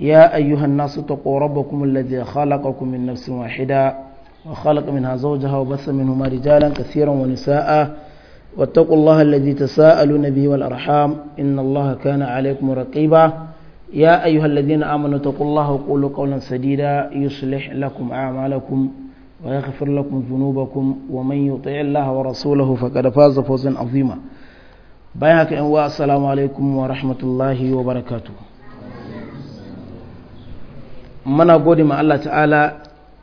يا أيها الناس اتقوا ربكم الذي خلقكم من نفس واحدة وخلق منها زوجها وبث منهما رجالا كثيرا ونساء واتقوا الله الذي تساءلون به والأرحام إن الله كان عليكم رقيبا يا أيها الذين آمنوا اتقوا الله وقولوا قولا سديدا يصلح لكم أعمالكم ويغفر لكم ذنوبكم ومن يطيع الله ورسوله فقد فاز فوزا عظيما بياك السلام عليكم ورحمة الله وبركاته mana gode ma Allah ta'ala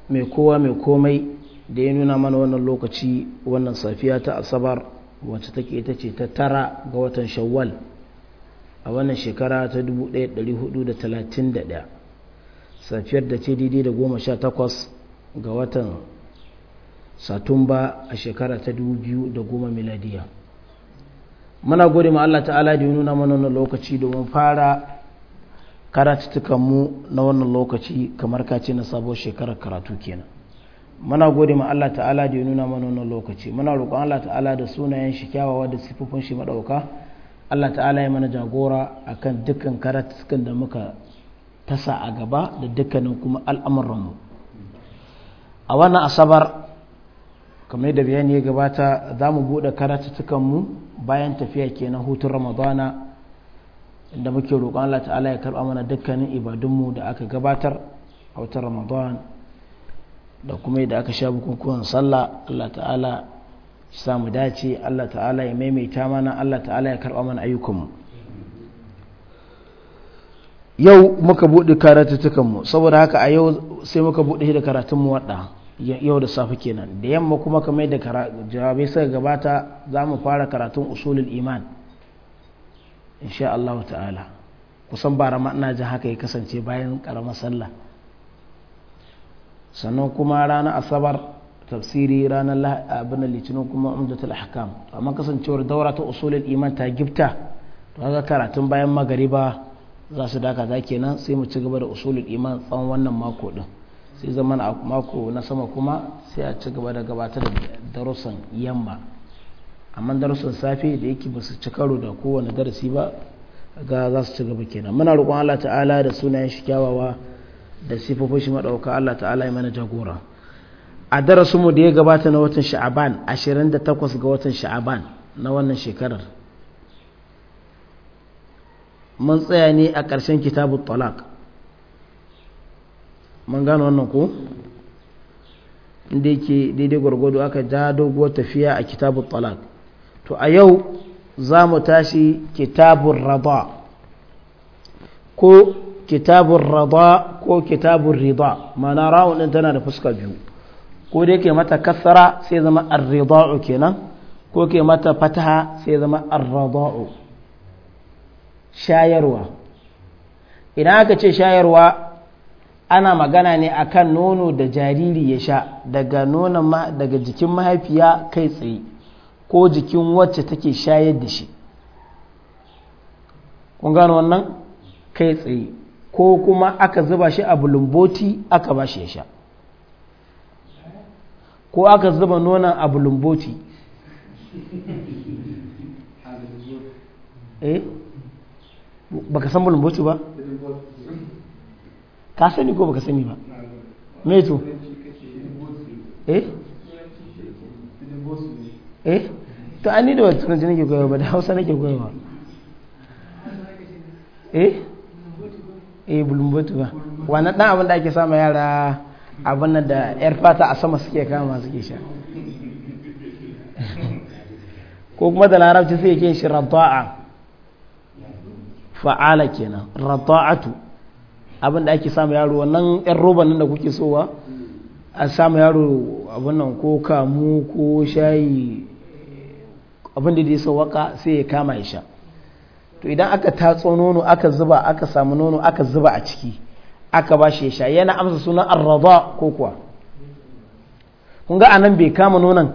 mai kowa mai komai da ya nuna mana wannan lokaci wannan safiya ta asabar wacce take ita ce ta tara ga watan shawwal a wannan shekara ta 1431 safiyar da ce daidai da goma sha takwas ga watan satumba a shekara ta 2010 miladiya mana gode ma Allah ta'ala da ya nuna mana wannan lokaci domin fara karatuttukan mu na wannan lokaci kamar ka ce na sabo shekarar karatu kenan muna gode ma Allah ta'ala da ya nuna mana wannan lokaci muna roƙon Allah ta'ala da sunayen shi kyawawa da sifofin shi madauka Allah ta'ala ya mana jagora akan dukkan karatukan da muka tasa a gaba da dukkanin kuma al'amuran mu a wannan asabar kamar da bayani ya gabata za mu buɗe karatutukan mu bayan tafiya kenan hutun ramadana inda muke roƙon Allah ta'ala ya karɓa mana dukkanin ibadunmu da aka gabatar a watan ramadan da kuma da aka sha bukukuwan sallah Allah ta'ala sa mu dace Allah ta'ala ya maimaita mana Allah ta'ala ya karɓa mana ayyukanmu yau muka buɗe mu saboda haka a yau sai muka buɗe da karatun mu wadda yau da safe kenan da yamma kuma kamar da jawabai suka gabata za mu fara karatun usulul iman insha Allah ta'ala kusan ba ma ina jin haka ya kasance bayan karamar sallah sannan kuma ranar asabar tafsiri ranar abin litinin kuma umdatul hakam amma kasancewar daura ta usulin iman ta gifta to haka karatun bayan magariba za su dakata kenan sai mu ci gaba da usulin iman tsawon wannan mako din sai zaman mako na sama kuma sai a ci gaba da gabatar da darussan yamma amma darussan safe da yake ba su ci karo da kowane darasi ba ga za su ci gaba kenan muna roƙon Allah ta'ala da sunayen shi kyawawa da sifofin shi madauka Allah ta'ala ya mana jagora a darasin mu da ya gabata na watan sha'aban 28 ga watan sha'aban na wannan shekarar mun tsaya ne a ƙarshen kitabu talak mun gano wannan ko inda yake daidai gwargwado aka ja doguwar tafiya a kitabun talak to a yau za mu tashi kitabun rada ko kitabun rada ko kitabun rida mana ra'un ɗin tana da fuska biyu ko dai ke mata kasara sai zama ar kenan ko ke mata fataha sai zama ar shayarwa idan aka ce shayarwa ana magana ne akan nono da jariri ya sha daga daga jikin mahaifiya kai tsaye ko jikin wacce take shayar da shi kun gano wannan kai tsaye ko kuma aka zuba shi a bulumboti aka ba shi ya sha ko aka zuba nonon a bulumboti eh baka san bulumboti ba ka sani ko baka sani ba me to eh eh to an ni da wata turanci nake koyawa ba da hausa nake koyawa eh eh bulumbatu ba wannan dan abin da ake sama yara abin nan da yar fata a sama suke kama suke sha ko kuma da larabci sai yake shi rata'a fa'ala kenan rata'atu abin da ake sama yaro wannan yan roba nan da kuke sowa a sama yaro abin nan ko kamu ko shayi abin da ya sawaka sai ya kama ya sha to idan aka tatso nono aka zuba aka samu nono aka zuba a ciki aka ba shi ya sha yana amsa sunan arraba ko kuwa kun ga anan bai kama nonon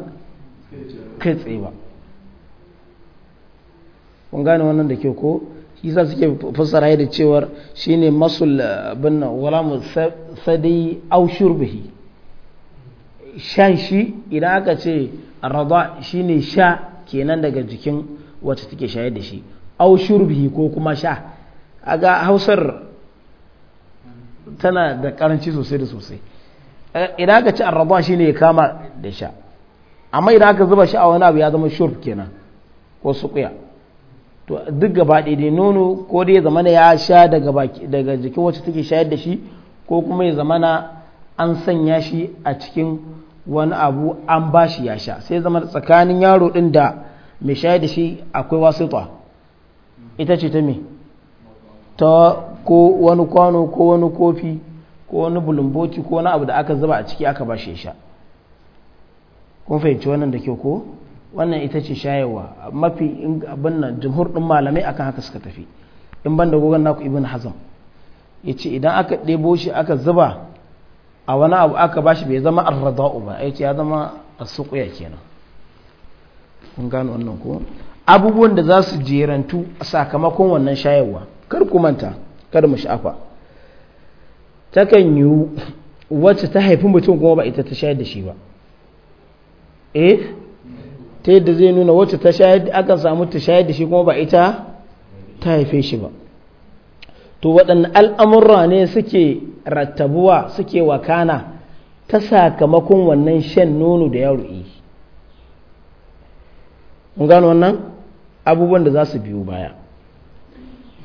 kai tsaye ba kun gane wannan da ke ko shi sa suke fassara da cewar shine masul bin wala mu sadai au shurbihi shan shi idan aka ce arraba shine sha kenan daga jikin wacce take shayar da shi au shurbi ko kuma sha a ga hausar tana da karanci sosai da sosai eh, idan aka ci arraba shi ne ya kama da sha amma idan aka zuba shi a wani abu ya zama shurb kenan ko suƙuya to duk gaba ɗaya nono ko dai zamana ya sha daga jikin wacce take shayar da shi ko kuma ya zamana an sanya shi a cikin wani abu an ba shi ya sha sai zama tsakanin yaro ɗin da mai shayar da shi akwai wasita ita ce ta me ta ko wani kwano ko wani kofi ko wani bulumboci ko wani abu da aka zuba a ciki aka ba shi ya sha kun fahimci wannan da kyau ko wannan ita ce shayarwa mafi abin nan jumhur ɗin malamai akan haka suka tafi in ban da gogon naku ibn hazan ya ce idan aka ɗebo shi aka zuba a wani abu aka bashi bai zama arraza'u ba ai ce ya zama a asuqiya kenan kun gano wannan ko abubuwan da za su jerantu a sakamakon wannan shayarwa kar ku manta kar mu sha'afa takan yi wacce ta haifi mutum kuma ba ita ta shayar da shi ba eh ta yadda zai nuna wacce ta shayar akan samu ta shayar da shi kuma ba ita ta haife shi ba to waɗanne al'amurra ne suke rattabuwa suke wakana ta sakamakon wannan shan nono da yaro yi mun gano wannan abubuwan da za su biyu baya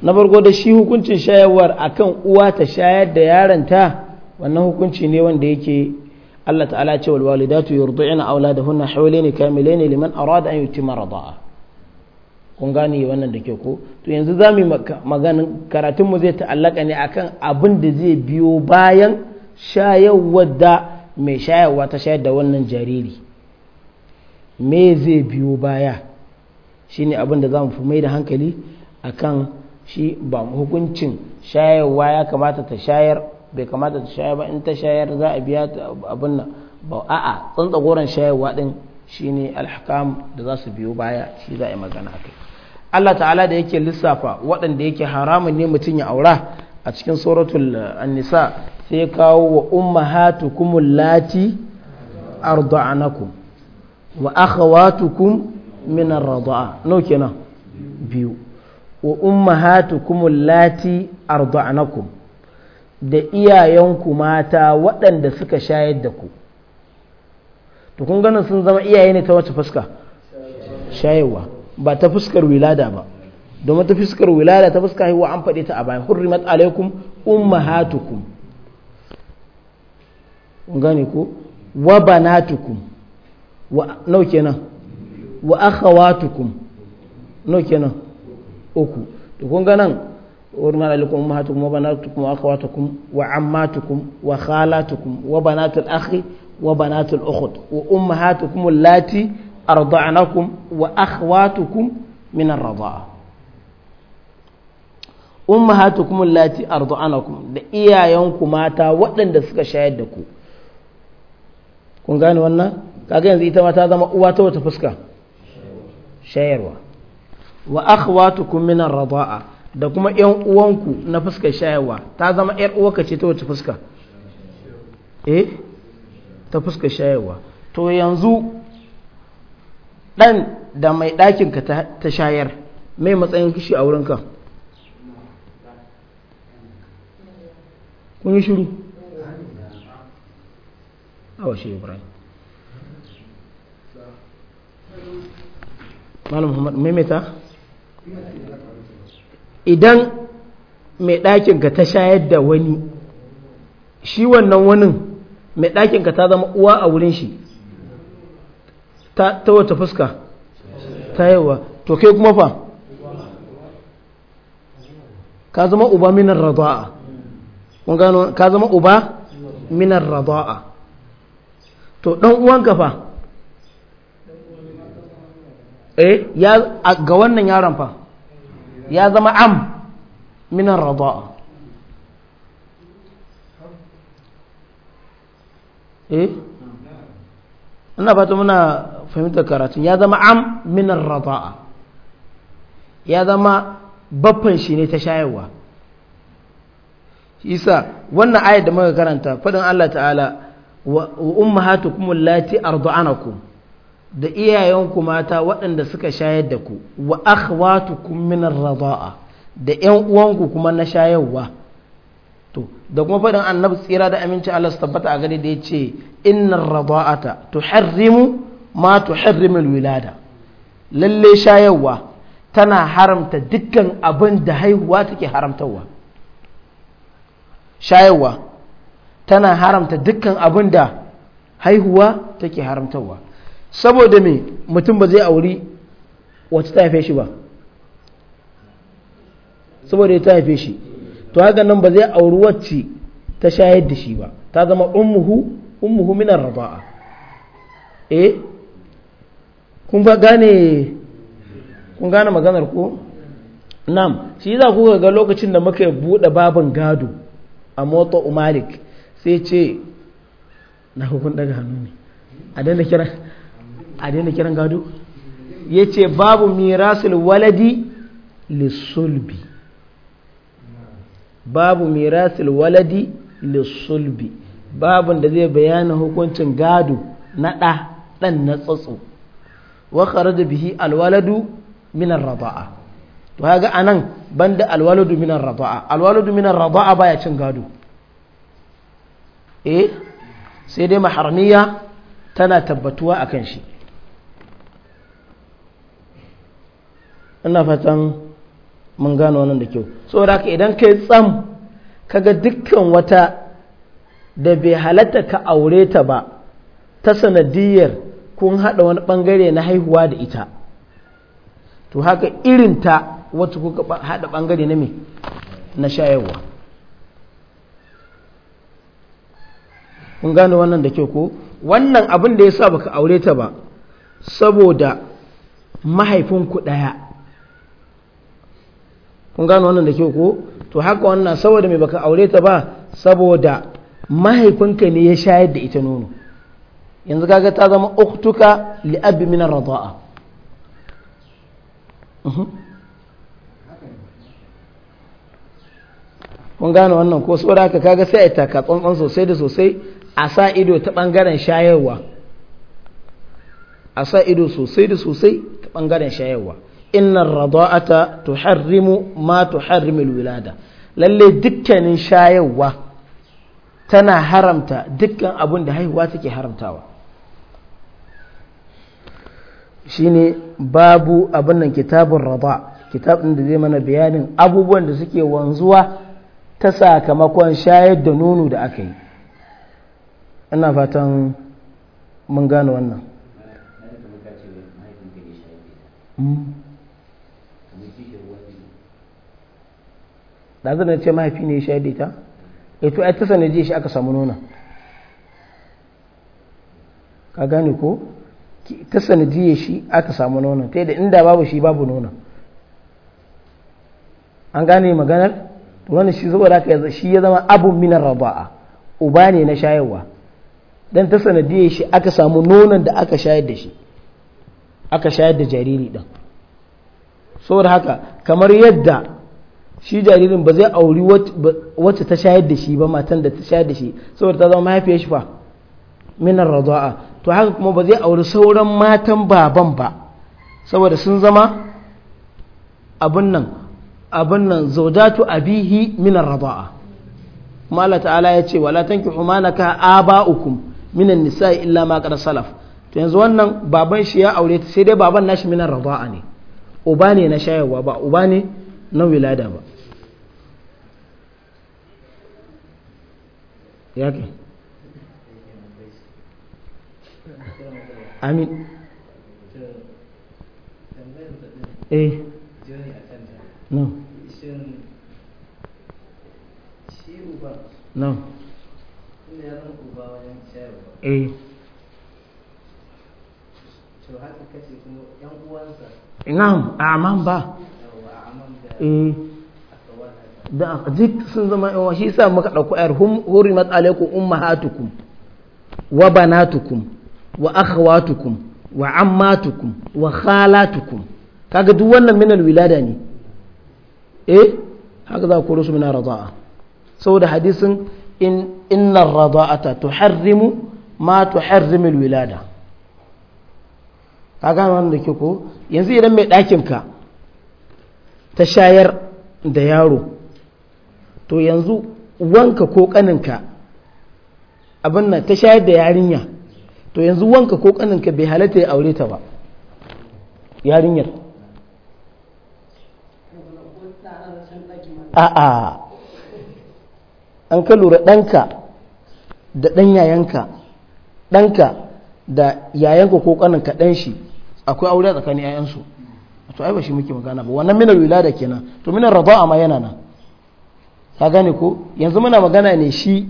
na bargo da shi hukuncin shayarwar akan uwa ta shayar da yaronta wannan hukunci ne wanda yake Allah ta'ala ce wal walidatu yurdi'na auladahunna hawlaini kamilaini liman arada an yutima rada'a kun gane wannan da ke ko to yanzu za mu maganin karatunmu zai ta'allaka ne akan abin da zai biyo bayan shayarwar da mai shayarwa ta shayar da wannan jariri me zai biyo baya shi ne abin da za mu fi mai da hankali akan shi ba hukuncin shayarwa ya kamata ta shayar bai kamata ta shayar ba in ta shayar za a biya ta abin nan ba a'a tsantsagoran shayarwa din shine alhakam da za su biyo baya shi za a yi magana a kai Allah ta'ala da yake lissafa waɗanda yake haramun ne mutum ya aura a cikin suratul eh, annisa sai kawo wa ummahatukum allati arda'anakum wa akhawatukum min ar-rida'a kenan biyu wa ummahatukum allati arda'anakum da iyayenku mata waɗanda suka shayar da ku to ganin sun zama iyaye ne ta wace fuska shayarwa ba ta fuskar wilada ba domin ta fuskar wilada ta fuskar haihuwa an faɗi ta a baya hurrimat alaikum ummahatukum gane ko wa banatukum wa nau kenan wa akhawatukum nau kenan uku to kun hurrimat alaikum ummahatukum wa banatukum wa akhawatukum wa ammatukum wa khalatukum wa banatul akhi wa banatul wa ummahatukum allati أرضعنكم وأخواتكم من الرضاعة ummahatukum allati arda'anakum da iyayenku mata waɗanda suka shayar da ku kun gane wannan kaga yanzu ita ma ta zama uwa ta wata fuska shayarwa wa akhwatukum min ar-rida'a da kuma ƴan uwanku na fuskar shayarwa ta zama ƴar uwa kace ta wata fuska eh ta fuskar shayarwa to yanzu ɗan da mai ɗakinka ta shayar mai matsayin kishi a wurinka kun yi shiru awa shi ibrahim malam muhammad maimaita idan mai ɗakinka ta shayar da wani shi wannan wani mai ɗakinka ta zama uwa a wurin shi ta wata fuska ta yawa to kai kuma fa ka zama uba minar rada'a kun ka zama uba minar rada'a to dan uwanka fa eh ya ga wannan yaron fa ya zama am minar rada'a eh ina fata muna fahimtar karatun ya zama am minar rata'a ya zama baffan shi ne ta shayarwa isa wannan ayat da muka karanta faɗin Allah ta'ala wa ummahatukum allati arda'anakum da iyayenku mata waɗanda suka shayar da ku wa akhwatukum min ar-rida'a da ƴan uwanku kuma na shayarwa to da kuma fadin annabi tsira da aminci Allah su tabbata a gani da yace innar rida'ata tuharrimu ma tuharrimul wilada lalle shayarwa tana haramta dukkan abin da haihuwa take haramtawa. shayarwa tana haramta dukkan abin da haihuwa take haramtawa. saboda me mutum ba zai auri wacce ta haife shi ba saboda ya ta haife shi to haka nan ba zai auri wacce ta shayar da shi ba ta zama ummuhu ummuhu minar raba'a eh kun fa gane kun gane maganar ko nam shi za ku ga lokacin da muka buɗe babin gado a mota umalik sai ce na hukun daga hannu ne a daina kiran a daina kiran gado ya ce babu mirasul waladi lissulbi babu mirasul waladi lissulbi babun da zai bayana hukuncin gado na ɗa ɗan na tsotso. wa kharaja bihi alwaladu min ar-rada'a to kaga anan banda alwaladu min ar-rada'a alwaladu min ar-rada'a baya cin gado eh sai dai maharmiya tana tabbatuwa akan shi ina fatan mun gano wannan da kyau saboda haka idan kai tsam kaga dukkan wata da bai halatta ka aure ta ba ta sanadiyar kun haɗa wani ɓangare na haihuwa da ita to haka irin ta wacce kuka haɗa ɓangare na me na shayarwa kun gano wannan da kyau ko wannan abin da ya sa baka aure ta ba saboda mahaifinku ɗaya kun gano wannan da kyau ko to haka wannan saboda mai baka aure ta ba saboda mahaifinka ne ya shayar da ita nono yanzu kaga ta zama uktuka li abi min ar radaa mhm. kun gane wannan ko saboda haka kaga sai a taka tsantsan sosai da sosai a sa ido ta bangaren shayarwa a sa ido sosai da sosai ta bangaren shayarwa ar rada'ata tuharrimu ma tuharrimu wilada lalle dukkanin shayarwa tana haramta dukkan abin da haihuwa take haramtawa shine babu abin nan kitabun rada kitab ɗin da zai mana bayanin abubuwan da suke wanzuwa ta sakamakon shayar da nono da aka yi ina fatan mun gano wannan da hmm? zai ce mahaifi ne ya shayar da ita eto eh, ai ta sanar shi aka samu nuna ka gane ko ta sanadiyar shi aka samu nonon ta yadda inda babu shi babu nonon an gane maganar wani shi saboda haka shi ya zama abu minar raba'a uba ne na shayarwa dan ta sanadiyar shi aka samu nonon da aka shayar da shi aka shayar da jariri din saboda haka kamar yadda shi jaririn ba zai auri wacce ta shayar da shi ba matan da ta shayar da shi saboda ta zama mahaifiyar shi fa minar raza'a to haka kuma ba zai auri sauran matan baban ba saboda sun zama abin nan abin nan zaudatu abihi minar raba'a kuma Allah ta'ala ya ce wala tanki umanaka naka aba'ukum minan nisa illa ma qad salaf to yanzu wannan baban shi ya aure ta sai dai baban nashi minar raba'a ne uba ne na shayarwa ba uba ne na wilada ba yake amin eh no no eh na'am a aman ba eh da duk sun zama yawa shi sa muka ɗauko ayar hurimat alaikum ummahatukum wa banatukum wa akhawatukum wa wa kaga duk wannan min alwilada ne eh haka za ku rusu min radaa saboda hadisin in inna radaata tuharrimu ma tuharrimu alwilada kaga wannan da ke ko yanzu idan mai ɗakin ka ta shayar da yaro to yanzu wanka ko kaninka abin nan ta shayar da yarinya to yanzu wanka ko kaninka bai halatta ya aure ta ba yarinyar a'a an ka lura ɗanka da ɗan yayanka ɗanka da yayanka ko kaninka ɗan shi akwai aure tsakanin yayansu to ai ba shi muke magana ba wannan minar wilada kenan to minar rada'a ma yana nan ka gane ko yanzu muna magana ne shi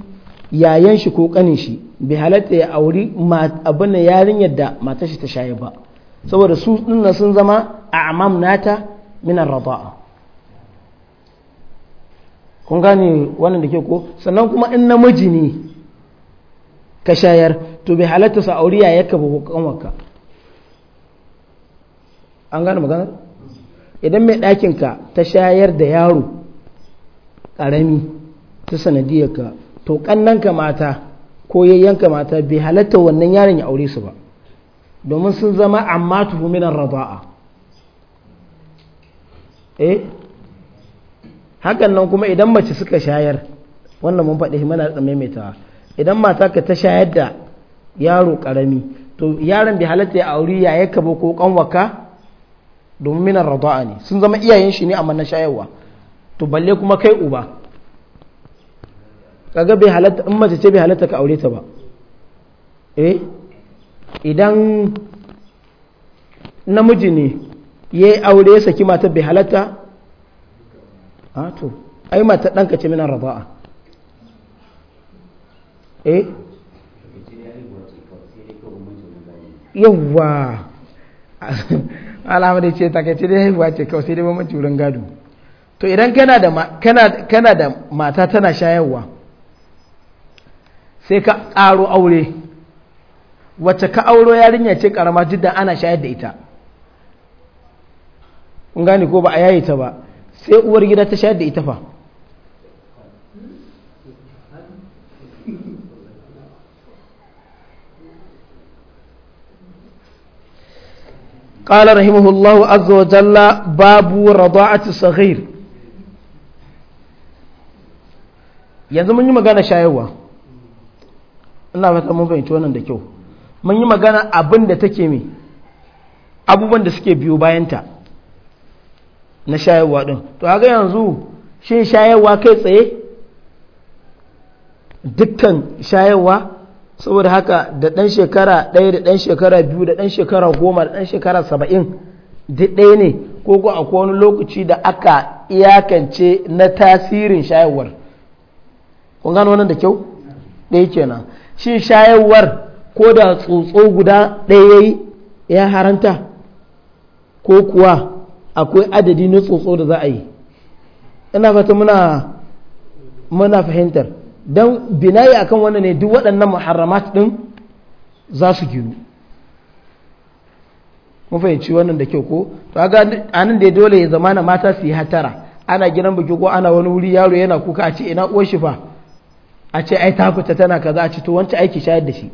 yayan shi ko kanin shi bai halatta ya auri abin da yarinyar da matar shi ta shaye ba saboda su dinna sun zama a amam nata minan rada'a kun gane wannan da ke ko sannan kuma in namiji ne ka shayar to bai halatta sa auri ya yaka ba kanwarka an gane magana idan mai ɗakinka ta shayar da yaro ƙarami ta sanadiyarka to ƙannanka mata ko ya yanka mata bai halatta wannan yaron ya aure su ba domin sun zama amma tuhuminan raba'a eh hakan nan kuma idan mace suka shayar wannan mun faɗi mana da maimaitawa idan mata ka ta shayar da yaro ƙarami to yaron bai halatta ya aure ya yaka ba ko kanwaka domin minan raba'a ne sun zama iyayen shi ne amma na shayarwa to balle kuma kai uba kaga bai halatta in mace ce bai halatta ka aure ta ba eh idan namiji ne ya aure ya saki mata bai halatta a to ai mata ɗanka ce minan raba'a eh yawwa alamar ce takaice dai haihuwa ce kawai sai dai mace wurin gado to idan kana da mata tana shayarwa sai ka ƙaro aure wacce ka auro yarinya ce ƙarama jidda ana shayar da ita in gane ko ba a yayi ta ba sai uwar gida ta shayar da ita fa قال رحمه الله عز وجل باب رضاعة sahir yanzu mun yi magana shayarwa ina fata mun fahimci wannan da kyau mun yi magana abin da take me abubuwan da suke biyo bayanta na shayarwa din to ga yanzu shin shayarwa kai tsaye dukkan shayarwa saboda haka da ɗan shekara ɗaya da ɗan shekara biyu da ɗan shekara goma da ɗan shekara saba'in duk ɗaya ne ko ko akwai wani lokaci da aka iyakance na tasirin shayarwar kun gano wannan da kyau ɗaya kenan shi shayarwar ko da tsotso guda ɗaya ya haranta ko kuwa akwai adadi na tsotso da za a yi ina fata muna muna fahimtar don binayi akan wannan ne duk waɗannan muharramat ɗin za su giru mun fahimci wannan da kyau ko to ga anan da ya dole ya zama na mata su yi hatara ana gidan biki ko ana wani wuri yaro yana kuka a ce ina uwar shi fa a ce ai ta fita tana kaza a ce to wancan aiki shayar da shi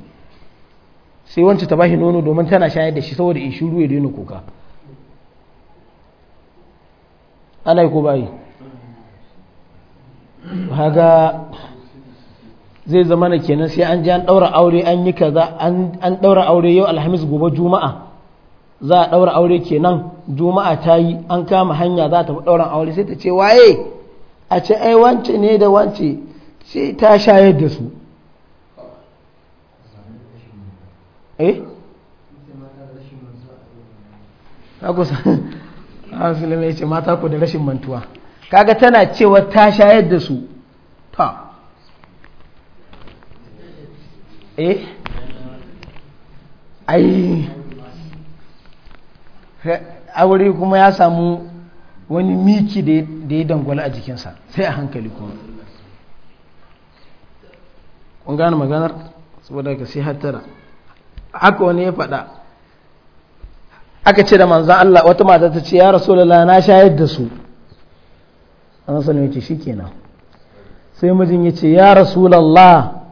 sai wancan ta bashi nono domin tana shayar da shi saboda in shuru ya daina kuka ana yi ko bayi haga zai zama na kenan sai an ji an ɗaura aure an yi kaza an ɗaura aure yau alhamis gobe juma'a za a ɗaura aure kenan juma'a ta yi an kama hanya za ta daura aure sai ta ce waye a ce ai wance ne da wance sai ta shayar da su eh ce mata ku da rashin mantuwa kaga tana cewa ta shayar da su ta eh ai aure kuma ya samu wani miki da ya dangwala a jikinsa sai a hankali kuma kun gane maganar saboda ka sai hattara haka wani ya faɗa aka ce da manzan Allah wata mata ta ce ya rasulullah na shayar da su an sani ya ce shi kenan sai mijin ya ce ya rasulallah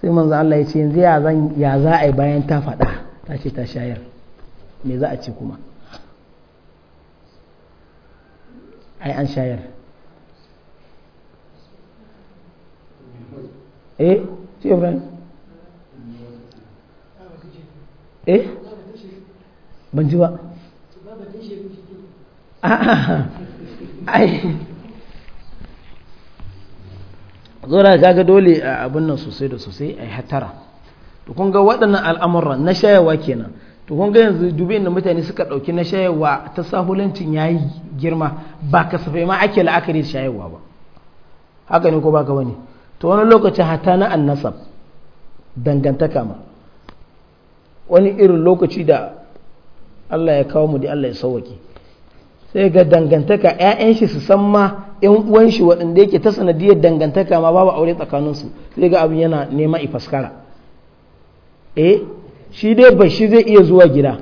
sai manzan Allah ya ce yanzu ya za a yi bayan ta faɗa ta ce ta shayar me za a ce kuma ai an shayar eh sai ibrahim eh ban ji ba kaga dole a abin nan sosai da sosai a yi hatara to kun ga waɗannan al'amuran na shayawa kenan to kun ga yanzu dubi inda mutane suka ɗauki na shayarwa ta sahulancin yi girma ba kasafai ma ake la'akari shayarwa ba haka ne ko ba ka wani to wani lokaci hata na annasab dangantaka ma wani irin lokaci da Allah ya kawo mu da Allah ya sauwaki sai ga dangantaka 'ya'yan shi su san ma 'yan uwan shi waɗanda yake ta sanadiyar dangantaka ma babu aure tsakaninsu sai ga abin yana nema ifaskara eh shi dai bai shi zai iya zuwa gida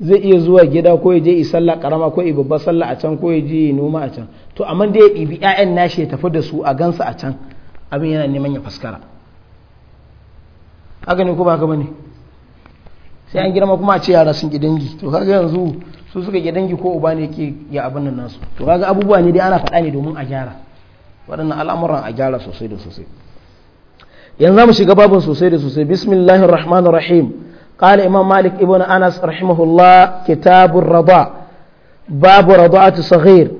zai iya zuwa gida ko ya je yi sallah karama ko yi babbar sallah a can ko ya je yi noma a can to amma da ya ibi ƴaƴan nashi ya tafi da su a gansa a can abin yana neman ya faskara haka ne ko ba haka bane sai an girma kuma a ce yara sun gidangi to kaga yanzu su suka gidangi ko uba ne yake ya abin nan nasu to kaga abubuwa ne dai ana faɗa ne domin a gyara waɗannan al'amuran a gyara sosai da sosai yanzu mu shiga babin sosai da sosai bismillahir rahmanir rahim قال إمام مالك ابن أنس رحمه الله كتاب الرضاء باب رضاعة صغير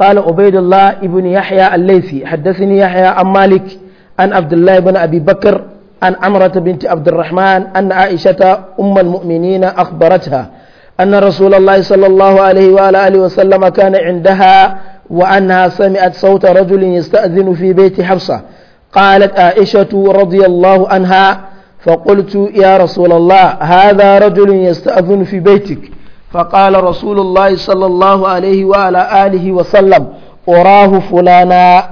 قال عبيد الله ابن يحيى الليثي حدثني يحيى عن مالك عن عبد الله بن أبي بكر عن عمرة بنت عبد الرحمن أن عائشة أم المؤمنين أخبرتها أن رسول الله صلى الله عليه وآله وسلم كان عندها وأنها سمعت صوت رجل يستأذن في بيت حفصة قالت عائشة رضي الله عنها فقلت يا رسول الله هذا رجل يستأذن في بيتك فقال رسول الله صلى الله عليه وعلى آله وسلم أراه فلانا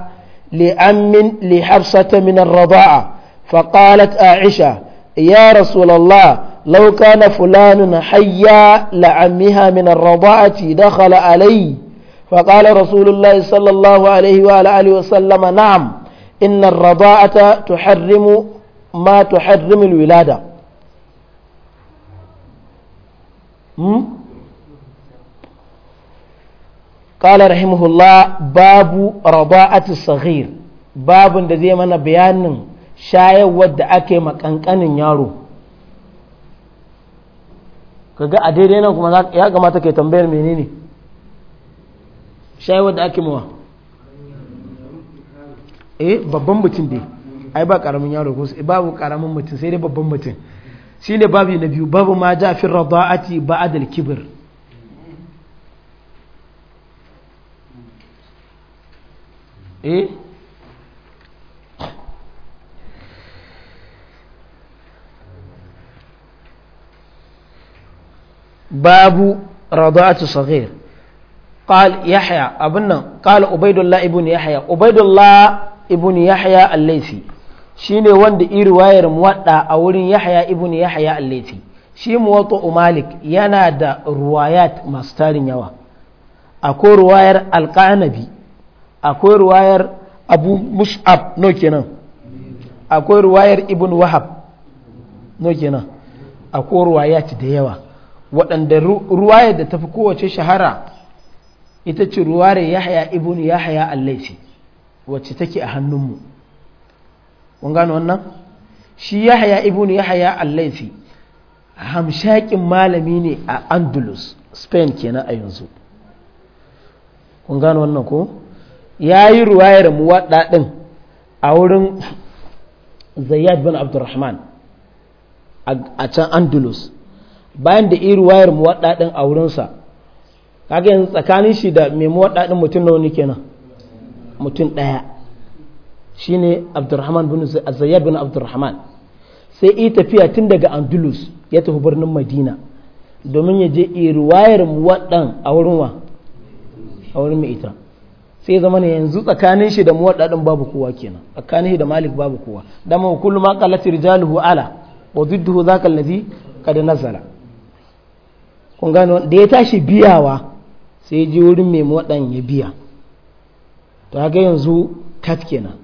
لأم لحفصة من الرضاعة فقالت عائشة يا رسول الله لو كان فلان حيا لعمها من الرضاعة دخل علي فقال رسول الله صلى الله عليه وعلى آله وسلم نعم إن الرضاعة تحرم ما تحرم الولادة قال رحمه الله باب رضاءة الصغير babun da zai mana bayanin shayarwar da ake makankanin yaro kaga a daidai nan kuma ya kamata ke tambayar menene shayarwar da ake mawa eh babban mutum dai ai ba karamin yaro ko babu karamin mutum sai dai babban mutum shine babu na biyu babu ma ja fi rada'ati ba'd al-kibr eh babu rada'atu saghir قال يحيى أبنا قال عبيد الله ابن يحيى عبيد الله ابن يحيى الليثي shine wanda iri wayar muwadda a wurin yahya ibn yahya al shi muwatta umalik yana da ruwayat masu tarin yawa akwai ruwayar alƙanabi akwai ruwayar abu mus'ab no kenan akwai ruwayar ibn wahab no kenan akwai ruwayat da yawa waɗanda ruwayar da tafi kowace shahara ita ce ruwayar yahya ibn yahya al wacce take a hannunmu mu kun gano wannan shi yahya ibnu yahya al-laifi hamshakin malami ne a andalus spain kenan a yanzu kun gano wannan ko ya yi ruwayar muwaɗa din a wurin zayyad bin abdurrahman a can andalus bayan da iri wayar muwaɗa din a wurinsa kaga yanzu tsakanin shi da mai muwaɗa din mutum nawa ne kenan mutum daya. Shi shine Abdurrahman bin Zayyad bin Abdurrahman sai yi tafiya tun daga Andalus ya tafi birnin Madina domin ya je wayar muwaddan a wurin wa a wurin mai ita sai zama ne yanzu tsakanin shi da muwaddan babu kowa kenan tsakanin shi da Malik babu kowa dama kullu ma qalat rijaluhu ala wa zidduhu zakal ladhi kad nazala kun gano da ya tashi biyawa sai ya je wurin mai muwaddan ya biya to haka yanzu kat kenan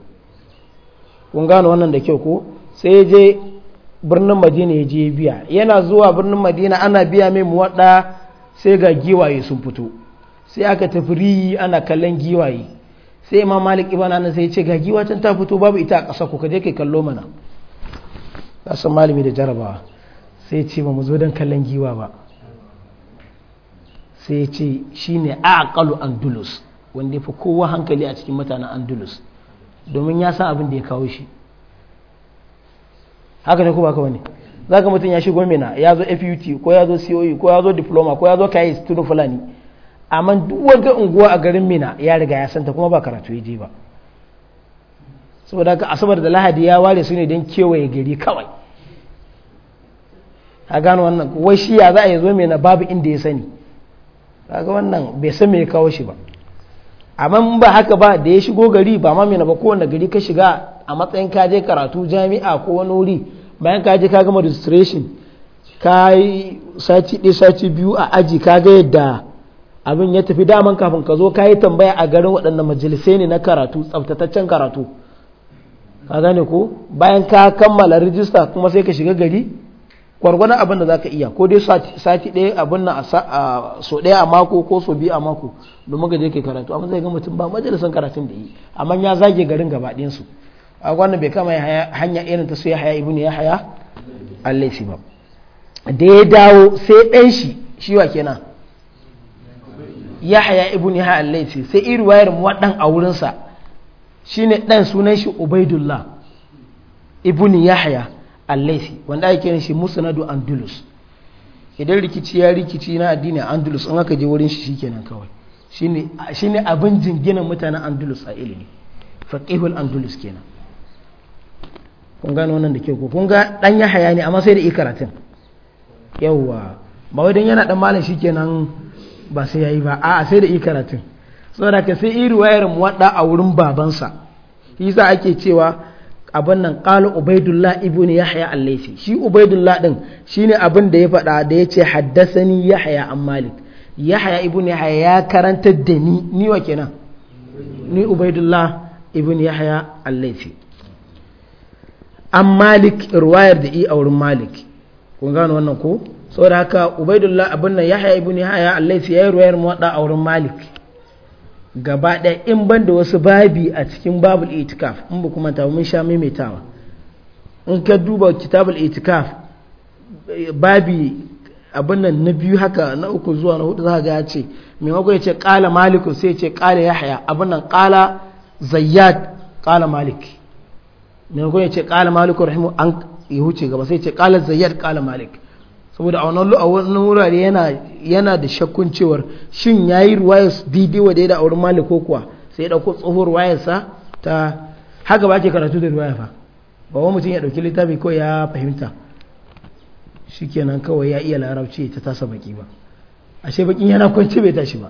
kun gano wannan da kyau ko sai je birnin madina ya je biya yana zuwa birnin madina ana biya mai muwaɗa sai ga giwaye sun fito sai aka tafi riyi ana kallon giwaye sai imam malik ibana na sai ce ga giwacin ta fito babu ita a ƙasa ka je kai kallo mana ka san malami da jarabawa sai ce ba mu zo don kallon giwa ba sai ce shine ƙalu andulus wanda ya fi kowa hankali a cikin mutanen andulus domin ya san abin da ya kawo shi haka ne ko baka wani zaka mutum ya shigo mina ya zo FUT ko ya zo COE ko ya zo diploma ko ya zo kai tunu fulani amma duk wanda unguwa a garin mina ya riga ya santa kuma ba karatu yaje ba saboda haka asabar da lahadi ya ware su ne don kewaye gari kawai a gano wannan wai ya za a yi zo mina babu inda ya sani ga wannan bai san me ya kawo shi ba amma ba haka ba da ya shigo gari ba ma mina ba kowane gari ka shiga a matsayin ka je karatu jami'a ko wani wuri bayan ka je ka gama registration ka yi sati ɗaya sati biyu a aji ka ga yadda abin ya tafi daman kafin ka zo ka yi tambaya a garin waɗannan majalisai ne na karatu tsaftataccen karatu ka gane ko bayan ka kammala rijista kuma sai ka shiga gari gwargwadon abin da zaka iya ko dai sati ɗaya abin na so ɗaya a mako ko so biyu a mako domin ka je karatu amma zai ga mutum ba majalisan karatun da yi amma ya zage garin gaba ɗinsu a wannan bai kama hanya irin ta su ya haya ne ya haya al-laifi ba da ya dawo sai ɗan shi shi wa kenan ya haya ne ya haya sai iri wayar waɗan a wurinsa shine ɗan sunan shi ubaidullah ne ya haya al-laifi wanda ake shi musnadu andalus idan rikici ya rikici na addini andalus an aka je wurin shi shikenan kawai shine shine abin jingina mutanen andalus a ilimi faqihul andalus kenan kun gano wannan da ke ko kun ga dan ya haya ne amma sai da ikaratin yawwa ba wai dan yana dan malam shikenan ba sai yayi ba a'a sai da ikaratin saboda ka sai iri wayar mu wada a wurin babansa yasa ake cewa abin nan ƙala ubaidullah ibn yahya al laythi shi ubaidullah din shine abin da ya faɗa da ya ce haddasani yahya an malik yahya ibn yahya ya karantar da ni ni wa kenan ni ubaidullah ibn yahya al laythi an malik ruwayar da i a wurin malik kun gano wannan ko saboda haka ubaidullah abin nan yahya ibn yahya al laythi ya yi ruwayar muwadda a wurin malik gaba ɗaya in ban da wasu babi a cikin babul itikaf in ba kuma ta mun sha maimaitawa in ka duba kitabul itikaf babi abin nan na biyu haka na uku zuwa na hudu za ga ya ce maimakon ya ce kala maliku sai ya ce kala yahya abin nan kala zayyad kala malik maimakon ya ce kala maliku rahimu an ya huce gaba sai ya ce kala zayyad kala malik saboda a wannan wurare yana da shakkun cewar shin yayi ruwayar didi wa da auren malik ko kuwa sai ya dauko tsohuwar sa ta haka ba ke karatu da ruwaya fa ba wani mutum ya dauki littafi ko ya fahimta shikenan kawai ya iya larabci ta tasa baki ba ashe bakin yana kwanci bai tashi ba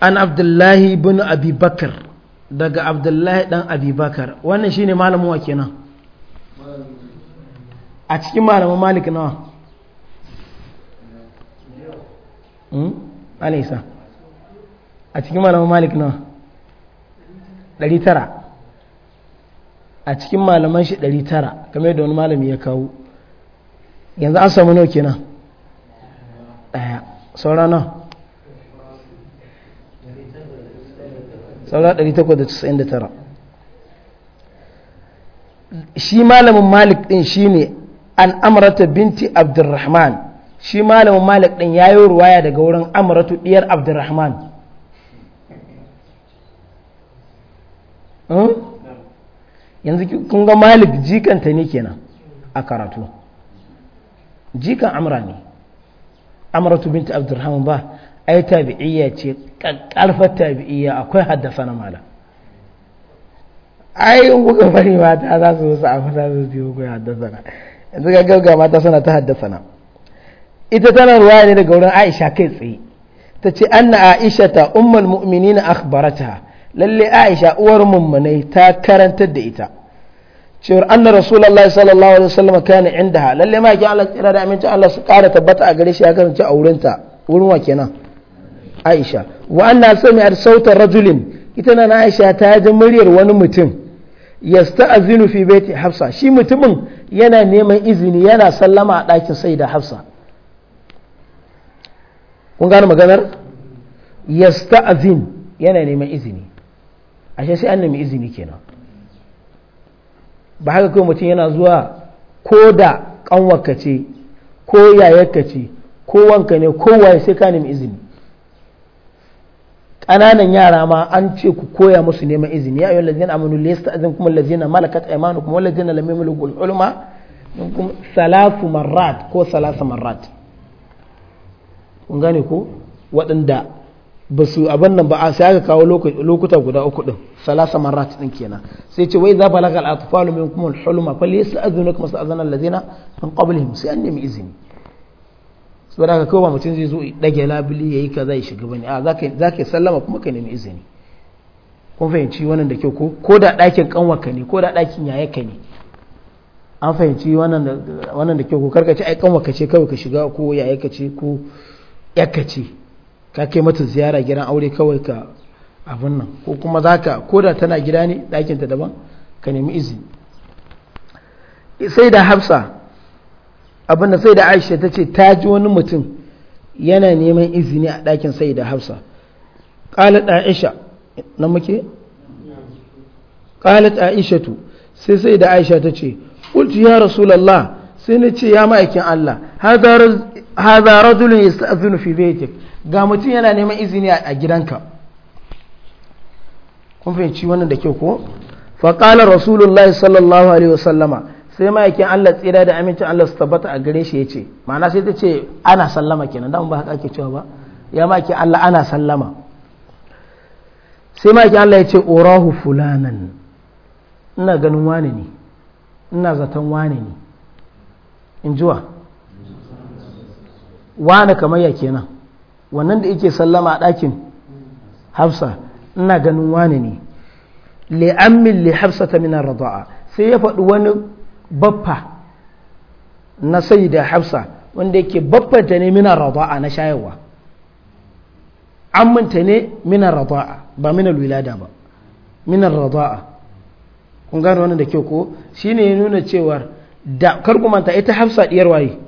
an abdullahi bin abi daga abdullahi dan abubakar wannan shine malamin wa kenan a cikin malamin malik nawa hmm? alisa a cikin malamin malik nawa 900 a cikin malaman shi 900 kamar yadda wani malami ya kawo yanzu an samu nawa kenan daya sauranan 899 shi malamin malik din shine an amurata binti abdurrahman shi malamin malik din ya yi ruwaya daga wurin amuratu diyar abdurrahman hmm? yanzu kun ga malik jikanta ne kenan a karatu jikan amura ne amuratu binti abdurrahman ba ai tabi'iyya ce ƙarfar tabi'iyya akwai haddasa na mala ai in kuka bari mata za su wasu abu za su ji kuwa haddasa na yanzu ga gauga mata suna ta haddasa na ita tana ruwa ne daga wurin aisha kai tsaye ta ce anna aisha ta ummul mu'minina akhbarata lalle aisha uwar mummunai ta karantar da ita cewar anna rasulullahi sallallahu alaihi wasallam kana indaha lalle ma ki Allah tsira da aminci Allah su kara tabbata a gare shi ya kasance a wurinta wurin wa kenan aisha wa anna sami'at sauta rajulin ita na aisha ta ji muryar wani mutum yasta'zinu fi baiti hafsa shi mutumin yana neman izini yana sallama a ɗakin sai da hafsa kun gane maganar yasta'zin yana neman izini ashe sai an nemi izini kenan ba haka kawai mutum yana zuwa ko da kanwarka ce ko yayarka ce ko wanka ne ko waye sai ka nemi izini ƙananan yara ma an ce ku koya musu neman izini ya ayyuhal ladzina azin kuma lazina malakat aymanukum walladzina lam yamliku al-hulma minkum salafu marat ko salasa marat kun gane ko waɗanda ba su abin nan ba a sai aka kawo lokuta guda uku din salasa marat din kenan sai ce wai za balaga al-atfalu minkum kuma hulma falyasta'zinukum sa'zana lazina an qablihim sai an nemi izini saboda haka kowa mutum zai zo labuli ya yi ka zai shiga bane a ka yi sallama kuma ka nemi izini kun fahimci wannan da kyau ko ko da ɗakin kanwarka ne ko da ɗakin yayaka ne an fahimci wannan da kyau ko karkace ai kanwarka ce kawai ka shiga ko ka ce ko yakka ce ka kai mata ziyara gidan aure kawai ka abin nan ko kuma ka ko da tana gida ne ɗakinta daban ka nemi izini sai da hafsa abin da sai da aisha ta ce ta ji wani mutum yana neman izini a ɗakin sai da hafsa ƙalata aisha na muke ƙalata aisha tu sai sai da aisha ta ce ƙulci ya rasulallah sai na ce ya ma'aikin allah ya sa zunu fi baitik ga mutum yana neman izini a gidanka kun fahimci wannan da kyau ko fa qala rasulullahi sallallahu alaihi wasallama sai ma'aikin Allah tsira da amincin Allah su tabbata a gare shi ya ce ma'ana sai ta ce ana sallama kenan dan ba haka ake cewa ba ya ma'aikin Allah ana sallama sai ma'aikin Allah ya ce urahu fulanan ina ganin wane ne ina zaton wane ne in jiwa wane kamar ya kenan wannan da yake sallama a ɗakin hafsa ina ganin wane ne li'ammin li hafsata ta ar rada'a sai ya faɗi wani baffa na sai da hafsa wanda yake baffanta ne minar raba'a na shayarwa amminta ne minar raba'a ba minar wilada ba minar raba'a kun gano wannan da ke ko shine ya nuna cewar da karkumanta ita hafsa diyar waye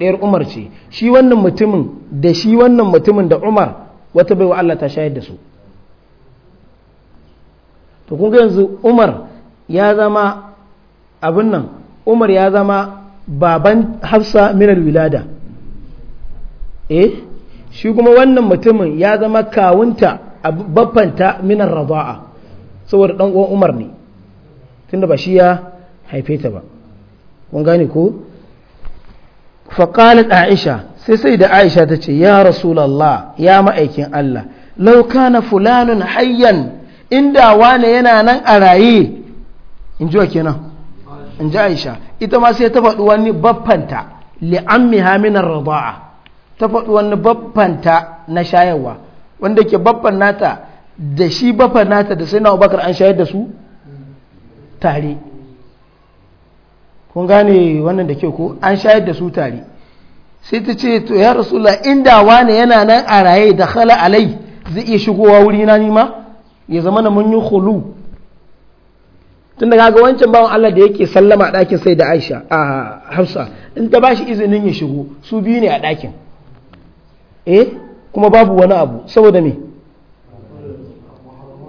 ɗayar umar ce shi wannan mutumin da shi wannan mutumin da umar wata baiwa Allah ta shayar da su to kun ga yanzu umar ya zama abin nan umar ya zama baban hafsa minar wilada eh shi kuma wannan mutumin ya zama kawunta a babbanta minar raba'a saboda dan uwan umar ne tunda ba shi ya haife ta ba kun gane ko faƙalat aisha sai sai da aisha ta ce ya rasulullah ya ma'aikin allah lauka na fulanun hayyan inda wane yana nan a raye in ji wa kenan in ji aisha ita ma sai ta faɗi wani babbanta li'ammi haminar raba'a ta faɗi wani babbanta na shayarwa wanda ke babban nata da shi babban nata da sai na abubakar an shayar da su tare kun gane wannan da ke ko an shayar da su tare sai ta ce to ya rasula inda wani yana nan a raye da khala alai zai iya shigowa wuri na nima ya zama na mun yi khulu tunda ga wancan bawan Allah da yake sallama a ɗakin sai da Aisha a Hafsa in ta bashi izinin ya shigo su biyu ne a ɗakin eh kuma babu wani abu saboda me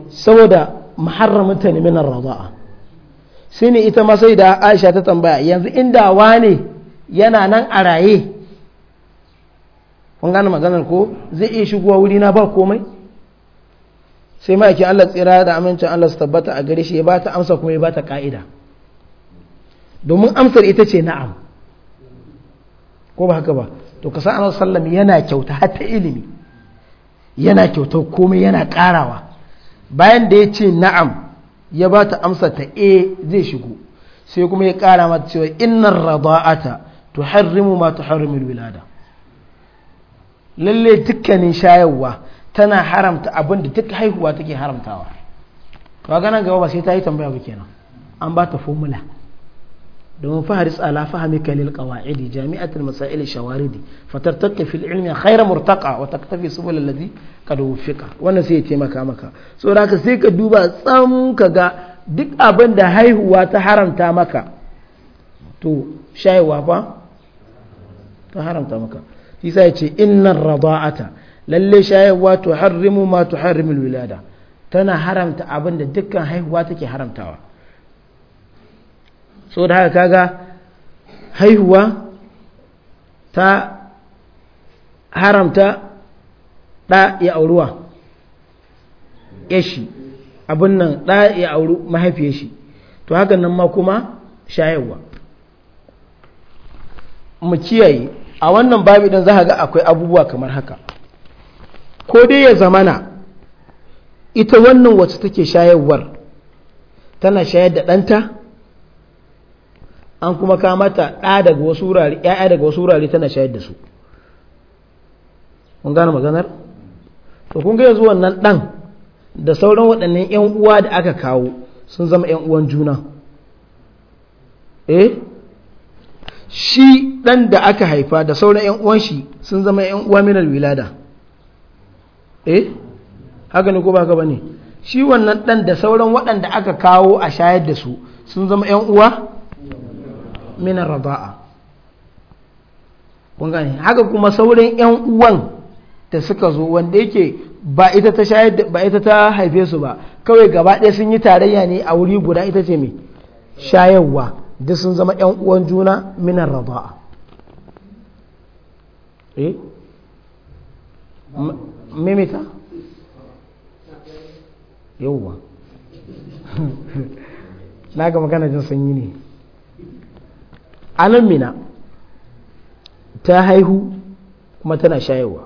saboda muharramta ne minar rada'a sai ne ita ma sai da Aisha ta tambaya yanzu inda wane yana nan a raye kun gane maganar ko zai iya shigowa wuri na ba komai sai ma'aikin Allah tsira da amincin Allah su tabbata a gare shi ya bata amsa kuma ya bata ka'ida domin amsar ita ce na'am ko ba haka ba to ka sa'an sallam yana kyauta hatta ilimi yana kyauta komai yana karawa bayan da ya ce na'am ya bata amsa ta e zai shigo sai kuma ya kara mata cewa innar rada'ata tuharrimu ma tuharrimul wilada lalle dukkanin shayarwa tana haramta abin da duk haihuwa take haramtawa to ga gaba ba sai ta yi tambaya ba kenan an ba ta formula domin faharis ala fahmi kalil qawaidi jami'at al masail shawaridi fatartaqi fil ilmi khayra murtaqa wa taktafi subul alladhi qad wufiqa wannan sai ya taimaka maka saboda ka sai ka duba tsam kaga duk abinda da haihuwa ta haramta maka to shayarwa fa ta haramta maka shi sai ya ce innar rada'ata lalle shayarwa to harrimu ma to harrimul wilada tana haramta abin da dukkan haihuwa take haramtawa so da haka kaga haihuwa ta haramta ɗa ya auruwa yashi abin nan ɗa ya auri mahaifiyar shi to haka nan ma kuma shayarwa mu kiyaye a wannan babu idan za ga akwai abubuwa kamar haka ko dai ya zamana ita wannan wacce take shayarwar tana shayar da ɗanta an kuma kamata ɗa daga wasu wurare ‘ya'ya daga wasu wurare tana shayar da su kun gane maganar to kun ga yanzu wannan ɗan da sauran waɗannan ‘yan uwa da aka kawo sun zama ‘yan uwan juna eh shi ɗan da aka haifa da sauran ‘yan uwan shi sun zama ‘yan uwa minal wilada eh haka ne ko ba haka ba ne shi wannan ɗan da sauran waɗanda aka kawo a shayar da su sun zama 'yan uwa minan raba'a kun gane haka kuma sauran 'yan uwan da suka zo wanda yake ba ita ta shayar ba ita ta haife su ba kawai gaba ɗaya sun yi tarayya ne a wuri guda ita ce mai shayarwa duk sun zama 'yan uwan juna minan raba'a eh mimita yauwa na ga magana jin sanyi ne anan mina ta haihu kuma tana shayarwa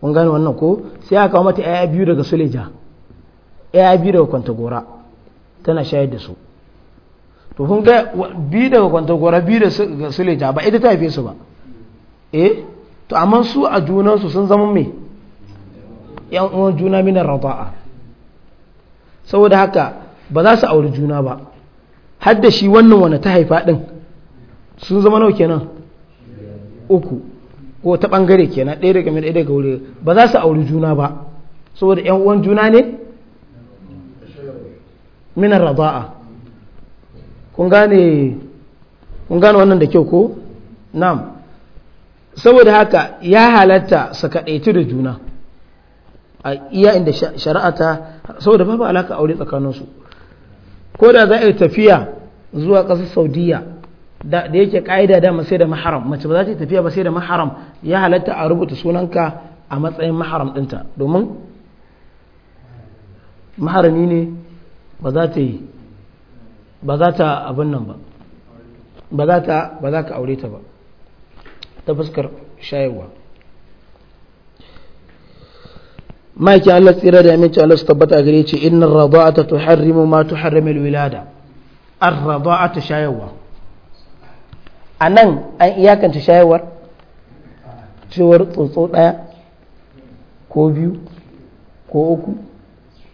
kun gane wannan ko sai aka kawo mata 'ya'ya biyu daga suleja 'ya'ya biyu daga kwantagora tana shayar da su to kun ga biyu daga kwantagora biyu daga suleja ba ita ta haife su ba eh to amma su a junansu sun zama mai yan uwan juna minar raba'a saboda haka ba za su auri juna ba hadda shi wannan wani ta haifa din sun zama nau kenan uku ko ta bangare kenan ɗaya daga mai ɗaya daga wuri ba za su auri juna ba saboda yan uwan juna ne minar raba'a kun gane wannan da kyau ko na'am saboda haka ya halatta su kaɗaitu da juna a iya inda shari'ata saboda babu alaka aure tsakaninsu ko da za a yi tafiya zuwa ƙasar saudiya da yake ƙa'ida da sai da maharam mace ba za ta yi tafiya ba sai da maharam ya halatta a rubuta sunanka a matsayin maharam ɗinta domin maharami ne ba za ta yi ba za ta abin nan ba ba za ba za ka aure ta ba ta fuskar shayarwa ma'aikin Allah tsira da aminci Allah su tabbata gare ce inna rada'ata tuharrimu ma tuharrimul wilada ar rada'ata shayarwa anan an iyakanta shayarwar cewar tsotso daya ko biyu ko uku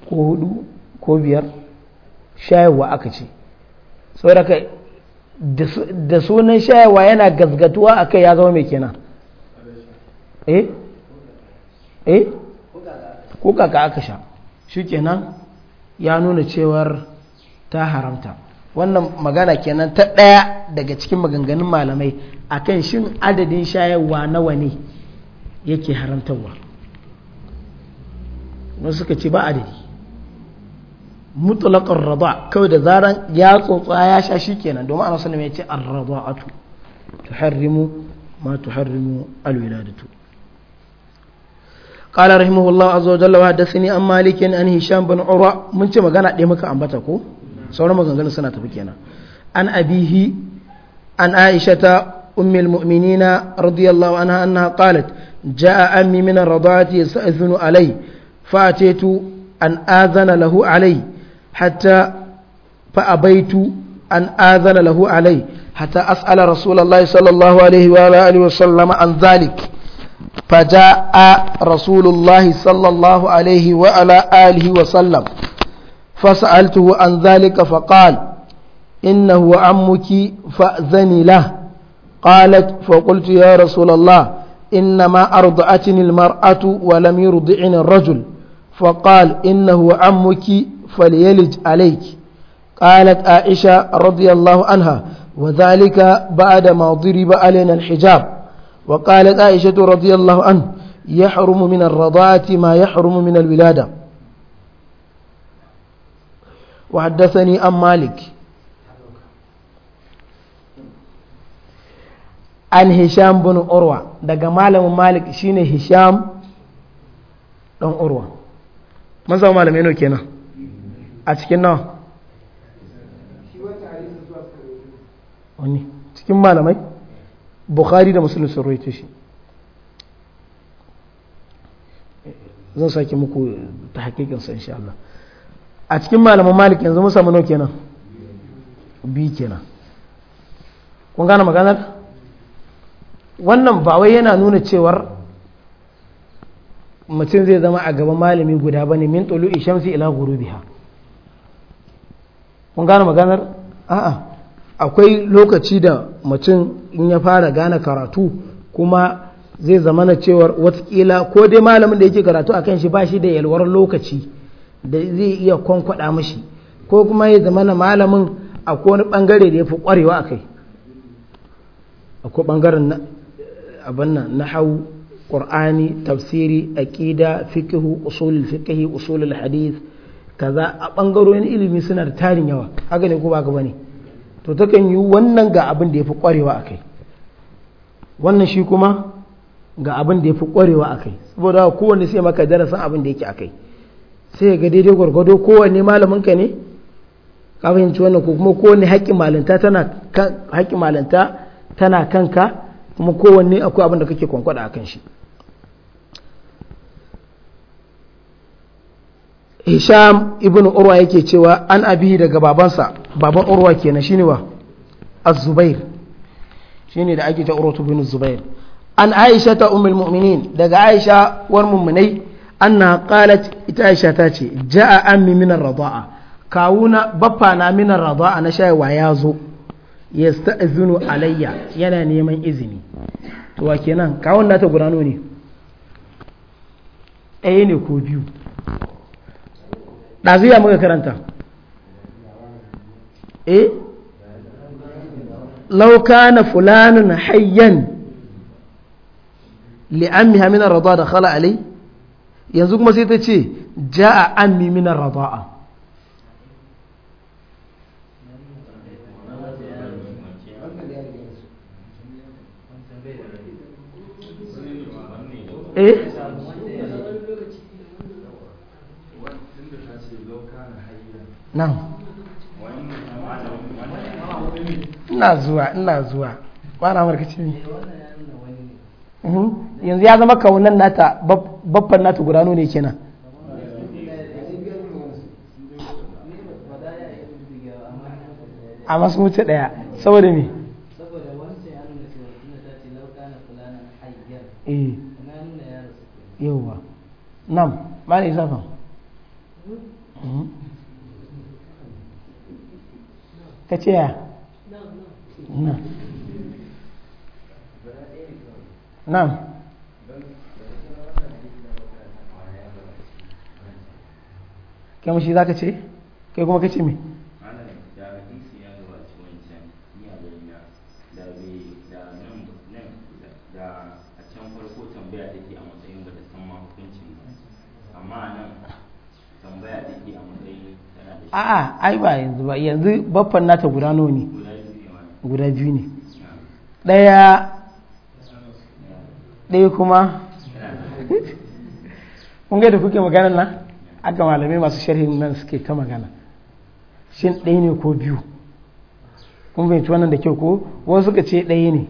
ko hudu ko biyar shayarwa aka ce saboda da sunan shayarwa yana gazgatuwa a kai ya zama mai kenan eh eh aka sha shi kenan ya nuna cewar ta haramta wannan magana kenan ta ɗaya daga cikin maganganun malamai akan shin adadin shayarwa nawa ne yake haramtarwa wasu suka ce ba adadi mutulakar rada kawai da zaran ya tsotsa ya sha shi kenan domin ana sanin mai ce an rada a tu tuharrimu ma tuharrimu alwila da tu ƙalar rahimahullah a zojen lawa da sani an malikin an hisham ban ura mun ce magana ɗaya muka ambata ko sauran maganganun suna tafi kenan an abihi an aishata ummil mu'minina radiyallahu anha anna qalat ja'a ammi min ar-radati sa'izunu alai fa'atitu an azana lahu alai hatta fa'abaitu an adana lahu alai hata as'ala rasulullahi sallallahu alaihi wa alihi wa sallama an zalik faja'a rasulullahi sallallahu alaihi wa ala alihi wa sallam fas'altuhu an zalika faqala innahu ammuki fa'zani lah qalat faqultu ya rasulullah إنما أرضعتني المرأة ولم يرضعني الرجل فقال إنه عمك فليلج عليك قالت عائشة رضي الله عنها وذلك بعد ما ضرب علينا الحجاب وقالت عائشة رضي الله عنه يحرم من الرضاعة ما يحرم من الولادة وحدثني أم مالك an hisham bin urwa daga malamin malik shine hisham dan urwa mun samu malamai no kenan a cikin nawa wani cikin malamai bukhari da musulun sun roito shi zan sake muku ta san insha Allah a cikin malaman malik yanzu musa mano kenan bi kenan kun gane maganar wannan ba wai yana nuna cewar mutum zai zama a gaban malami guda bane min tulu ishamsi ila gurubiha kun gane maganar a'a akwai lokaci da mutum in ya fara gane karatu kuma zai zama na cewar watakila ko dai malamin da yake karatu a kan shi ba shi da yalwar lokaci da zai iya kwankwada mashi ko kuma ya zama na malamin a wani bangare da ya fi kwarewa a kai akwai bangaren abin nan na hau ƙur'ani tafsiri aƙida fikihu usulul fikihi usulul hadith kaza a bangarorin ilimi suna da tarin yawa haka ne ko ba bane to takan yi wannan ga abin da ya fi kwarewa a kai wannan shi kuma ga abin da ya fi kwarewa a kai saboda kowanne sai maka darasin abin da yake a kai sai ga daidai gwargwado kowanne malamin ka ne ka fahimci wannan ko kuma kowanne haƙƙin malanta tana haƙƙin malanta tana kanka kuma kowanne akwai abin da kake kwankwada a kan shi hisham ibn urwa yake cewa an abi daga babansa baban urwa kenan shine wa az-zubair shine da ake ta urwatu bin zubair an aisha ta ummul mu'minin daga aisha war mu'minai anna qalat ita aisha ta ce ja'a ammi min ar radaa kawuna baffa na min ar na shaywa ya zo yasta'zinu alayya yana neman izini to wa kenan kawun nata gurano ne ɗaya ne ko biyu ya muka karanta e eh? lauka na fulanin hayyan li'ammi haminar rada da khala alai yanzu kuma sai ta ce ja'a ammi minar rada'a eh nan ina zuwa ina zuwa na markaci ne yanzu ya zama kawunan nata babban nata gudano ne kenan a masu mutu daya saboda me saboda wancan eh. nam ma ne zafin hmm? mhm. ka ce ya na'am kai mashi za ka ce kai kuma ka ce mai a'a ai ba yanzu ba yanzu baffan nata guda nawa ne guda biyu ne ɗaya ɗaya kuma kun ga da kuke magana na aka malamai masu sharhin nan suke ta magana shin ɗaya ne ko biyu kun fahimci wannan da kyau ko wasu suka ce ɗaya ne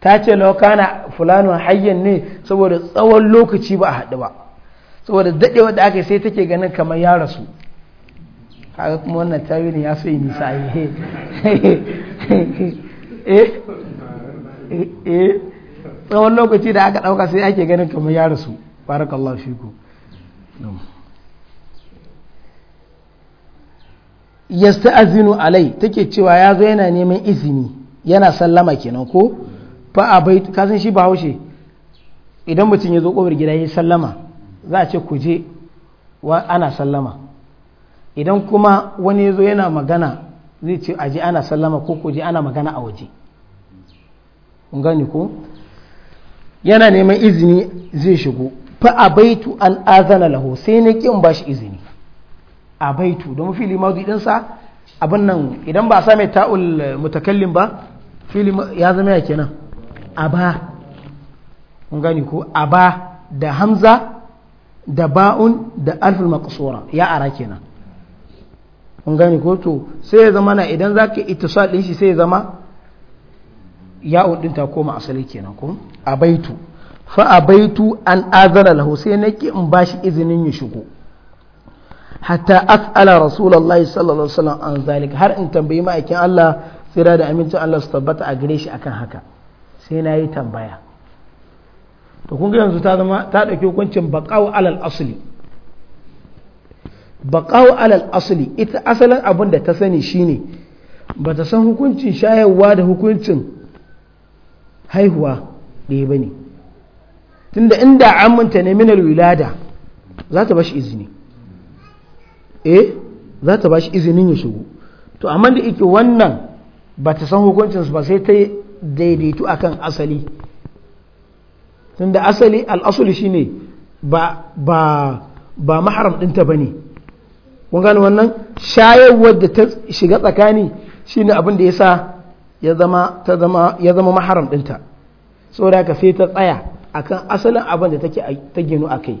ta ce lokana fulano hayyan ne saboda tsawon lokaci ba a haɗu ba saboda daɗewa da aka sai take ganin kamar ya rasu kaga kuma wannan ne ya so yi nisa eh, eh eh tsawon lokaci da aka dauka sai ake ganin kamar ya rasu barakallahu fiku azinu alai take cewa ya zo yana neman izini yana sallama kenan ko fa abai ka san shi bahaushe idan mutum ya zo kofar gida ya sallama za a ce ku je ana sallama idan kuma wani ya zo yana magana zai ce aji ana sallama ko ko ana magana a waje kun gani ko yana neman izini zai shigo fa abaitu an azana lahu sai ne kin ba shi izini abaitu domin fili maudi din sa abin nan idan ba sa mai ta'ul mutakallim ba fili ya zama ya kenan aba kun ko aba da hamza da ba'un da alfil maqsura ya ara kenan kun gane ko to sai ya zama na idan za ka sa ɗin shi sai ya zama ya'u ɗin ta koma asali kenan ko a baitu fa a baitu an azara lahu sai in bashi izinin ya shigo hatta as'ala rasulullahi sallallahu alaihi wasallam an zalika har in tambayi ma'aikin Allah tsira da amincin Allah su tabbata a gare shi akan haka sai na yi tambaya to kun ga yanzu ta zama ta ɗauki hukuncin baqa'u alal asali baqa'u alal asli ita asalin abin da ta sani shine ba ta san hukuncin shayarwa da hukuncin haihuwa ɗaya ba ne tunda inda aminta ne minar wilada za ta ba shi izini eh za ta ba shi izinin ya shigo to amma da ike wannan ba ta san hukuncinsu ba sai ta daidaitu a kan asali tunda asali al'asuli shine ba ba ba maharam ɗinta ba ne kun gane wannan shayarwar da ta shiga tsakani shine abin da ya sa ya zama maharam dinta saboda haka sai ta tsaya a kan asalin abin da take ta a kai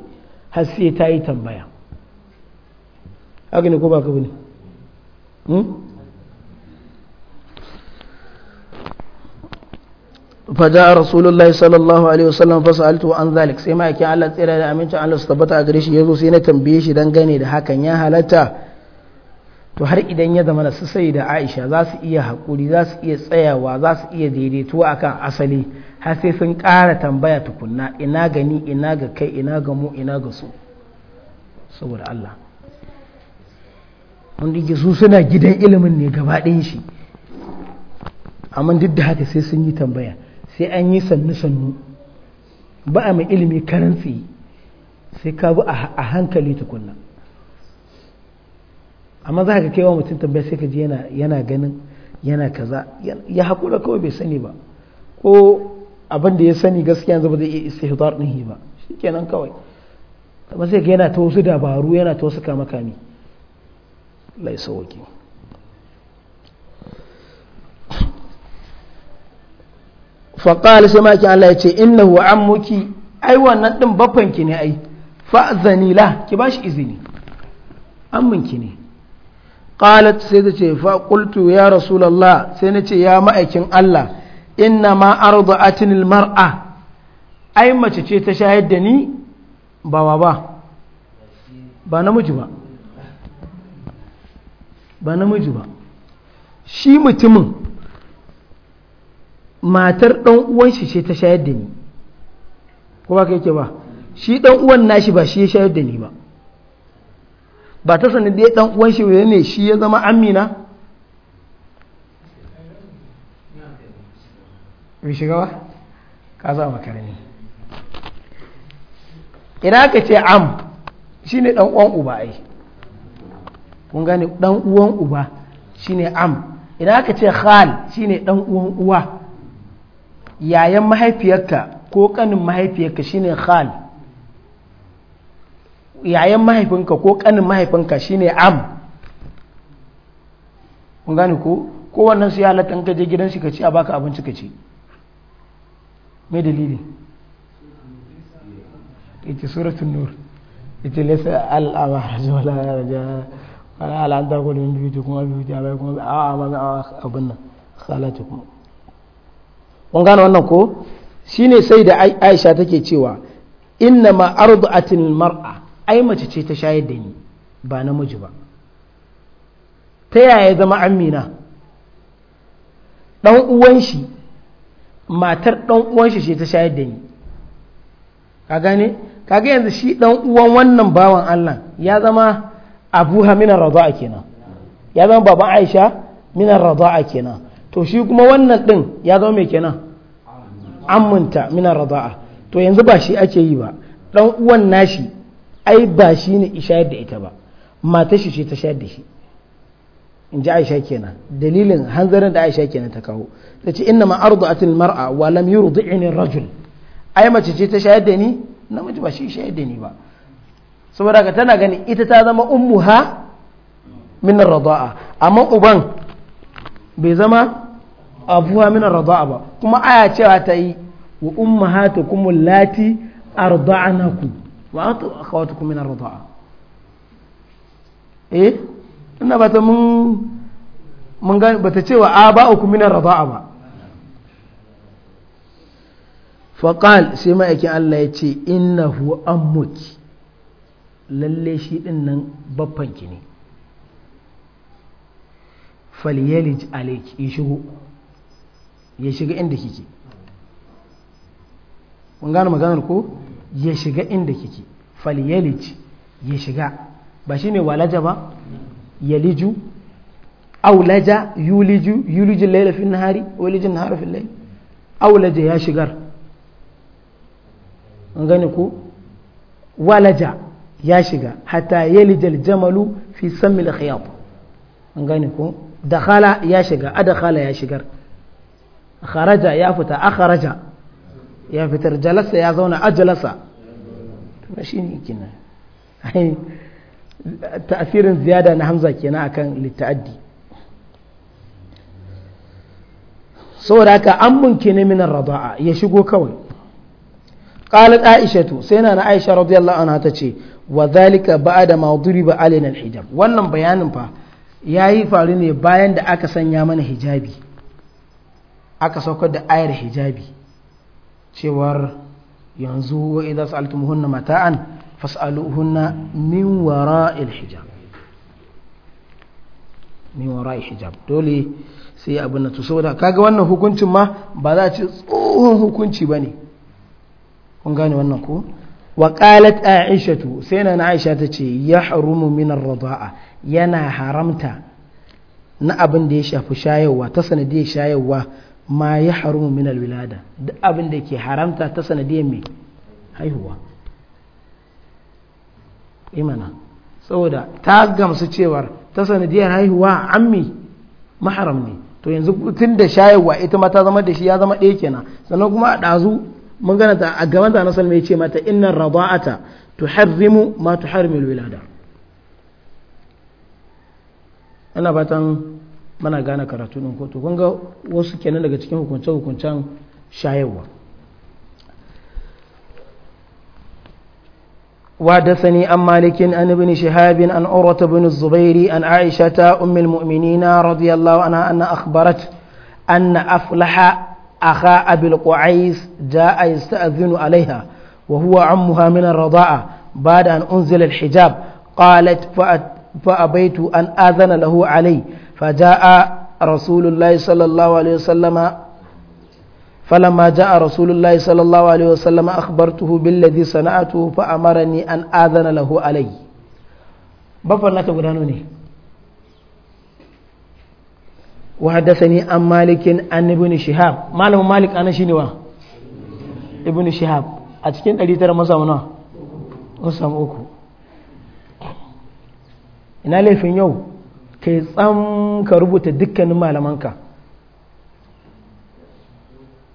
har sai ta yi tambaya haka ne ko ba ka bane hmm? فجاء رسول الله صلى الله عليه وسلم فسألته عن ذلك سيما يكي على تيرا دا أمين تعالى استبتا أغريش يزو سينا تنبيش دنغاني دا حكا يا هلتا to har idan ya zama su sai da aisha za su iya haƙuri za su iya tsayawa za su iya daidaituwa akan asali har sai sun ƙara tambaya tukunna ina gani ina ga kai ina ga mu ina ga su saboda Allah wanda yake su suna gidan ilimin ne gaba ɗayan shi amma duk da haka sai sun yi tambaya sai an yi sannu-sannu ba a mai ilimi karantsi sai ka bi a hankali tukunna amma za ka kewa mutum tambaya sai ka ji yana ganin yana kaza ya haƙura kawai bai sani ba ko abin da ya sani gaskiya yanzu ba zai iya istihdar ɗin ba shi kenan kawai amma sai ka yana ta wasu dabaru yana ta wasu kama kami lai faƙali sai maki Allah ya ce an muki ai wannan ɗin bafanki ne ai fa'azani la ki ba shi izini amminki ne ƙalat sai ta ce faƙultu ya rasulullah sai na ce ya ma'aikin Allah inna ma atinil mar'a ai mace ce ta shayar da ni ba wa ba ba namiji ba ba namiji ba shi mutumin matar ɗan uwan shi ce ta shayar da ni ko ba ka yake ba shi ɗan uwan nashi ba shi ya shayar da ni ba ba ta sanin da ɗan uwan shi ne shi ya zama amina bai shiga ba ka za makarani ina ka ce am shi ne ɗan uwan uba ai kun gane ɗan uwan uba shi ne am idan ka ce khal shi ne ɗan uwan uwa yayan mahaifiyarka ko kanin mahaifiyarka shine khal yayan mahaifinka ko kanin mahaifinka shine am kun gane ko kowannen su ya halatta in ka je gidan shi ka ci a baka abinci ka ci mai dalili ita suratun nur ita lesa al'amara awaraj wala raja wala al anta qulun kuma biyu ta bai kuma a abin nan salatu kuma kun gane wannan ko shine sai da aisha take cewa inna ma arda'atil mar'a ai mace ce ta shayar da ni ba namiji ba ta yaya zama amina Ɗan uwan shi matar ɗan uwan shi ce ta shayar da ni ka gane kaga yanzu shi ɗan uwan wannan bawan Allah ya zama abuha minar a kenan ya zama baban Aisha minar a kenan to shi kuma wannan din ya zama mai kenan aminta mina raza'a to yanzu ba shi ake yi ba dan uwan nashi ai ba shi ne ishayar da ita ba mata shi ce ta shayar da shi in ji aisha kenan dalilin hanzarin da aisha kenan ta kawo ta ce inna ma'ardu atil mar'a wa lam yurdi'ni rajul ai mace ce ta shayar da ni namiji ba shi shayar da ni ba saboda ka tana gani ita ta zama ummuha min rada'a amma uban bai zama abuwa min arda'a ba kuma aya cewa ta yi wa umma hata kuma lati a ummahatukum allati arda'nakum wa akhawatukum min arda'a eh ina ba ta mun mun ga ta cewa a ba aba'ukum mina arda'a ba faqal sai ma'aikin Allah ya ce an muki lalle shi din nan babban ki ne falyalij ya shigo ya shiga inda kike kun gane maganar ko ya shiga inda kike falyalij ya shiga ba shi ne walaja ba yaliju aulaja yuliju yuliju laila fi nahari waliju nahari fi layl aulaja ya shigar kun gane ko walaja ya shiga hatta yalijal jamalu fi sammil khiyab kun gane ko dakhala ya shiga adakhala ya shigar kharaja ya fita akharaja ya fitar jalasa ya zauna ajalasa ba shi ne ziyada na hamza kenan akan litta'addi saboda haka an bunke ne minar rada'a ya shigo kawai qalat aishatu sai na na aisha radiyallahu anha tace wa zalika ba'da ma duriba alaina alhijab wannan bayanin fa yayi faru ne bayan da aka sanya mana hijabi aka saukar da ayar hijabi cewar yanzu wa idan sa'altumuhunna mata'an fas'aluhunna min wara'il hijab min wara'il hijab dole sai abin nan to saboda kaga wannan hukuncin ma ba za a ce tsohon hukunci bane kun gane wannan ko wa qalat aishatu sai na aisha ta ce yahrumu min ar-rida'a yana haramta na abin da ya shafi shayarwa ta sanadiyar shayarwa ma ya haramu min alwilada duk abin da ke haramta ta sanadiyar mai haihuwa imana eh saboda ta gamsu cewar ta sanadiyar haihuwa ammi maharam ne to yanzu tun da shayarwa ita ma ta zama da shi ya zama ɗaya kenan sannan kuma a ɗazu mun gana ta a gaban ta nasar mai ce mata rabata tu tuharrimu ma tu harmi wilada ana fatan mana gane karatu nan ko to kun ga wasu kenan daga cikin hukunce hukuncen shayarwa وحدثني عن مالك عن ابن شهاب عن عروة بن الزبير عن عائشة أم المؤمنين رضي الله عنها أن أخبرت أن أفلح أخا أبي القعيس جاء يستأذن عليها وهو عمها من الرضاعة بعد أن أنزل الحجاب قالت فأبيت أن آذن له علي فجاء رسول الله صلى الله عليه وسلم فلما جاء رسول الله صلى الله عليه وسلم أخبرته بالذي صنعته فأمرني أن آذن له علي بفرنا تقرانوني وحدثني عن مالك عن ابن شهاب معلم مالك أنا شنو ابن شهاب أتكين ألي ترى مسامنا مسام أوكو إن لفين يوم kai tsam ka rubuta dukkanin malamanka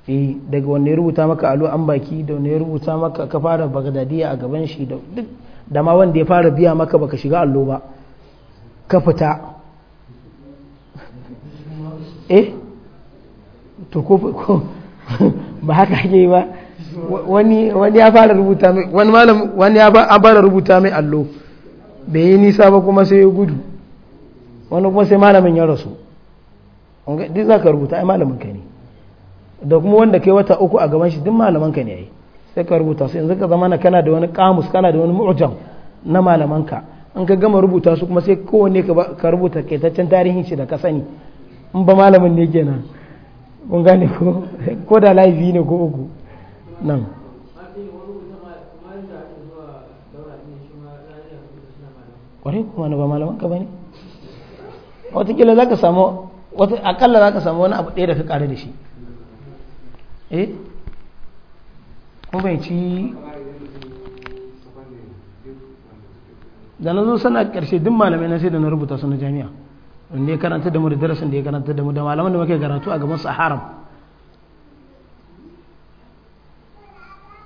e daga wanda ya rubuta maka alu an baki da wanda ya rubuta maka ka fara bagadadiya a gaban shi da duk da ma wanda ya fara biya maka baka shiga allo ba ka fita eh to ko ba haka ake yi ba wani ya fara rubuta mai wani malam wani ya fara rubuta mai allo bai yi nisa ba kuma sai ya gudu wani kuma sai malamin ya rasu duk za ka rubuta ai malamin ka ne da kuma wanda kai wata uku a gaban shi duk malaman ka ne ai sai ka rubuta su yanzu ka zama na kana da wani kamus kana da wani mu'jam na malaman ka in ka gama rubuta su kuma sai kowanne ka rubuta kaitaccen tarihin shi da ka sani in ba malamin ne kenan kun gane ko ko da laifi ne ko uku nan kwarai kuma na ba malaman ka ba ne watakila za ka samu wata akalla za ka samu wani abu ɗaya da ka ƙare da shi eh kuma bai ci da na zo sana ƙarshe duk malamai na sai da na rubuta su na jami'a wanda ya karanta da mu da darasin da ya karanta da mu da malaman da muke karatu a gaban su haram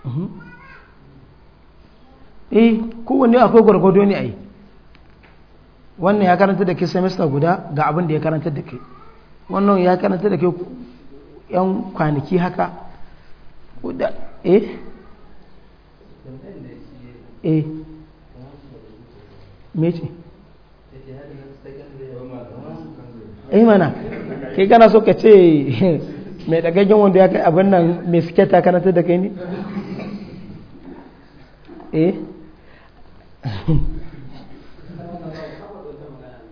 mhm. eh kowanne akwai gwargwado ne a yi wannan ya karanta da ke semester guda ga abin da ya karanta da ke wannan ya karanta da ke yan kwanaki haka guda eh eh mece eh mana kai gana so ka ce mai dagaggen wanda ya kai abin nan mai suke ta karanta da kai ne eh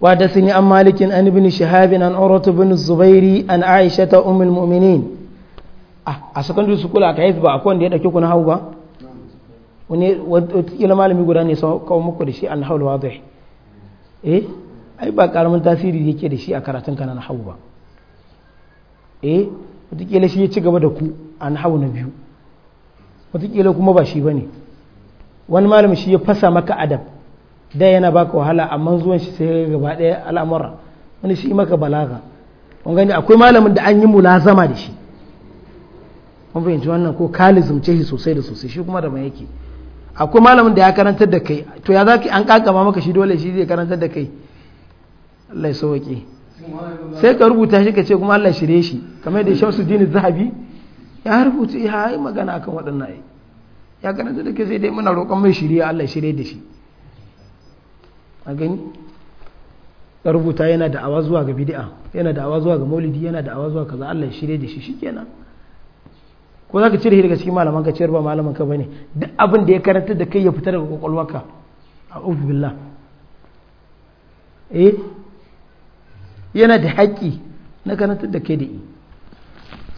وحدثني عن مالك عن ابن شهاب عن عروة بن الزبير عن عائشة أم المؤمنين ah, a secondary school a kaif ba akwai wanda ya dauke ku na hau ba wani wata malami guda ne sau kawo muku da shi an hau da eh ai ba karamin tasiri yake da shi a karatun ka na hau ba eh wataƙila shi ya ci gaba da ku an hau na biyu wataƙila kuma ba shi ba ne wani malami shi ya fasa maka adab da yana baka wahala amma zuwan shi sai gaba ɗaya al'amura wani shi maka balaga kun gani akwai malamin da an yi mulazama da shi kun fahimci wannan ko kalizm ce sosai da sosai shi kuma da mai yake akwai malamin da ya karantar da kai to ya zaki an kakama maka shi dole shi zai karantar da kai Allah ya sauke sai ka rubuta shi ka ce kuma Allah shirye shi kamar da Shamsu Dini Zahabi ya rubuta ya yi magana akan waɗannan ya karanta da kai sai dai muna roƙon mai shirye Allah shirye da shi a gani rubuta yana da awa zuwa ga bid'a yana da awa zuwa ga maulidi yana da awa zuwa kaza Allah ya shirye da shi shikenan ko zaka cire shi daga cikin malaman ka ciyar ba malaman ka bane duk abin da ya karanta da kai ya fita daga kwakwalwarka ubu billah eh yana da haƙƙi na karanta da kai da i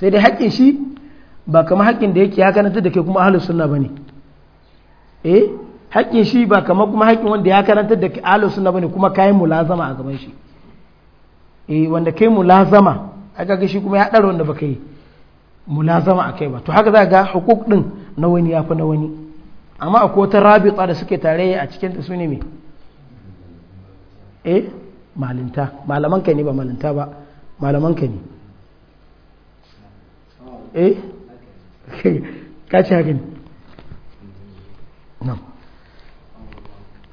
sai dai haƙƙin shi ba kamar haƙƙin da yake ya karanta da kai kuma ahlus sunna bane eh haƙƙin shi ba kamar kuma haƙƙin wanda ya karantar da ahlus sunna bane kuma kayan mulazama a gaban shi eh wanda kai mulazama aka ga shi kuma ya ɗara wanda baka yi mulazama a kai ba to haka za ga hukuk ɗin na wani ya fi na wani amma akwai wata rabita da suke tare a cikin ta su ne me eh malinta malaman ka ne ba malinta ba malaman ka ne eh ka ci haka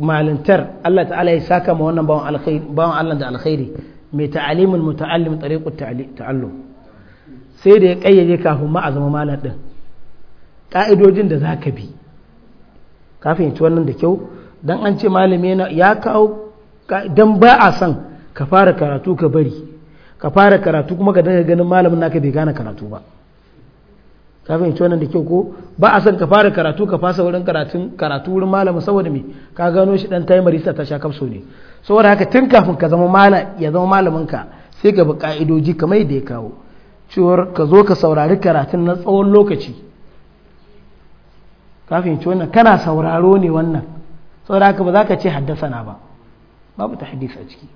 malintar Allah ta'ala ya saka ma wannan bawan alkhairi bawan Allah da alkhairi mai ta'alimul muta'allim tariqu ta'allum sai da ya kayyade kafin ma a zama malam din ka'idojin da zaka bi ka fahimci wannan da kyau dan an ce malami ya kawo dan ba a san ka fara karatu ka bari ka fara karatu kuma ka daga ganin malamin naka bai gane karatu ba ka yanci wannan da kyau ko ba a son ka fara karatu ka fasa wurin karatun karatu wurin malamin saboda me ka gano shi dan taimari ta sha kafso ne saboda haka tun kafin ka zama mala ya zama malamin ka sai ka bi ka'idoji kamar yadda ya kawo cewar ka zo ka saurari karatun na tsawon lokaci ka yanci wannan kana sauraro ne wannan saboda haka ba za ka ce haddasa na ba babu tahdis a ciki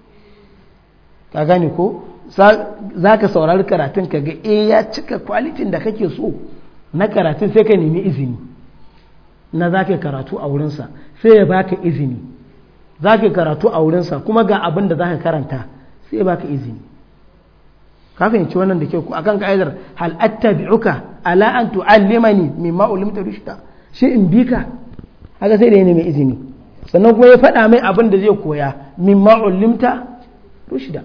ka gane ko za ka saurari karatun ka ga eh ya cika kwalitin da kake so na karatun sai ka nemi izini na za ka karatu a wurinsa sai ya baka izini za ka karatu a wurinsa kuma ga abin da za ka karanta sai ya baka izini ka fahimci wannan da ke A akan ka'idar hal attabi'uka ala an tu'allimani mimma ulimta rushda shi in bi ka haka sai da ya nemi izini sannan kuma ya faɗa mai abin da zai koya mimma ulimta rushda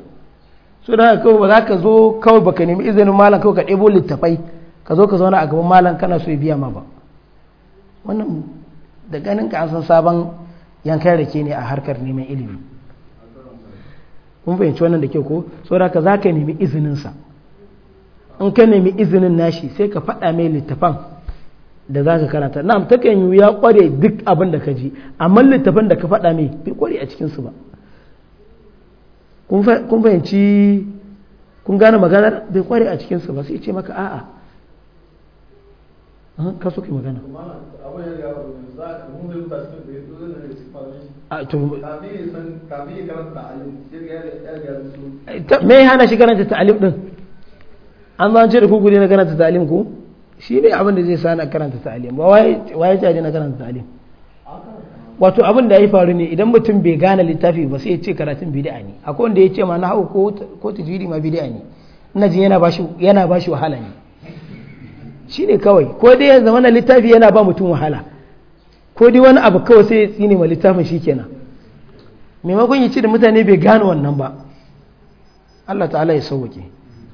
so da kawai ba za ka zo kawai baka nemi izinin malam kawai ka ɗebo littafai ka zo ka zauna a gaban malam kana so ya biya ma ba wannan da ganin ka an san sabon yankan rake ne a harkar neman ilimi kun fahimci wannan da kyau ko saboda ka za ka nemi izininsa in ka nemi izinin nashi sai ka faɗa mai littafan da za ka karanta na'am ta kan yi ya kware duk abin da ka ji amma littafan da ka faɗa mai bai kware a cikinsu ba kun fahimci kun gane maganar bai kware a cikinsu ba sai ce maka a'a ka so magana me hana shi karanta ta'alim din an zan ce da ku gudu na karanta ta'alim ko shi ne abin da zai sa na karanta ta'alim wa ya ce na karanta ta'alim wato abin da ya faru ne idan mutum bai gane littafi ba sai ya ce karatun bid'a ne akwai wanda ya ce ma na hau ko tajwidi ma bid'a ne ina jin yana ba shi wahala ne shi ne kawai ko dai ya zama littafi yana ba mutum wahala ko dai wani abu kawai sai ya tsine ma littafin shi kenan maimakon yi ce da mutane bai gane wannan ba Allah ta'ala ya sauwake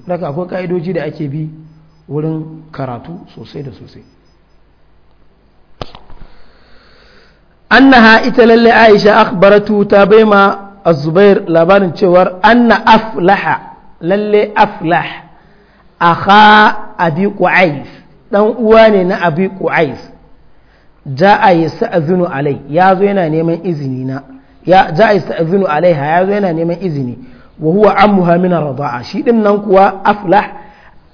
daga akwai ka'idoji da ake bi wurin karatu sosai da sosai annaha ita lalle aisha akhbaratu ta ma a zubair labarin cewar anna aflaha lalle aflah akha abi qais dan uwa ne na abi qu'ais ja'a yasta'zinu alai ya zo yana neman izini na ya ja'a yasta'zinu alaiha ya zo yana neman izini wa huwa ammuha min ar shi din nan kuwa aflah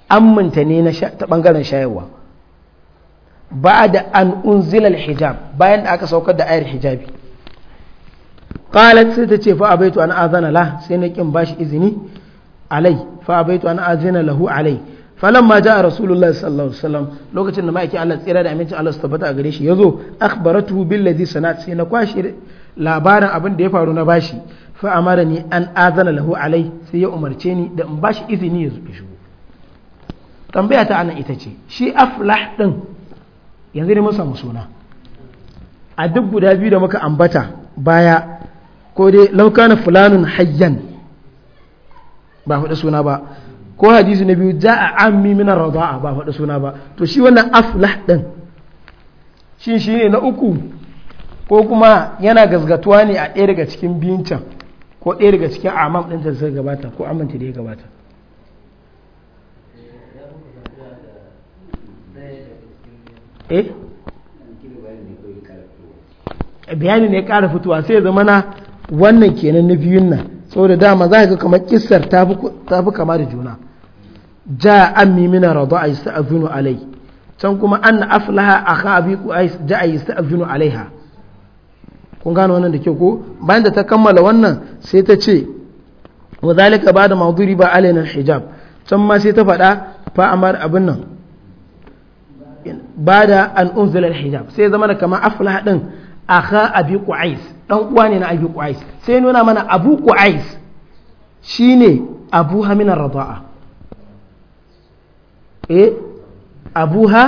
amminta ne na ta bangaren shayarwa ba'da an unzila hijab bayan da aka saukar da ayar hijabi qalat sai ta ce fa abaitu an azana la sai na kin bashi izini alai fa abaitu an azina lahu alai ja a rasulullahi sallallahu alaihi wasallam lokacin da ma'aikin Allah tsira da amincin Allah su tabbata a gare shi tuhu akhbaratuhu billadhi sanat sai na kwashe labarin abin da ya faru na bashi fa mara ni an azana lahu alai sai ya umarce ni da in bashi izini ya zubi shigo tambaya ta anan ita ce shi aflah din yanzu ne mun samu suna a duk guda biyu da muka ambata baya ko dai laukana fulanun hayyan ba hudu suna ba ko hadisi na biyu za a ammi mina a ba faɗa suna ba to shi wannan aflah ɗin shi shi ne na uku ko kuma yana gazgatuwa ne a ɗaya daga cikin biyun ko ɗaya daga cikin amam ɗin da zai gabata ko amince da ya gabata eh bayani ne ƙara fitowa sai ya zama na wannan kenan na biyun nan sau da dama za ka ga kamar kissar ta fi kama da juna ja ammi mina radu a yi yasta'zinu alai can kuma anna aflaha akha abi qais ja a yi yasta'zinu alaiha kun gano wannan da kyau ko bayan da ta kammala wannan sai ta ce wa zalika ba da mawduri ba alaina hijab can ma sai ta faɗa fa amar abin nan ba da an unzila hijab sai zama da kamar aflaha din akha abi qais dan uwa ne na abu qais sai nuna mana abu shi shine abu hamina e abu abuha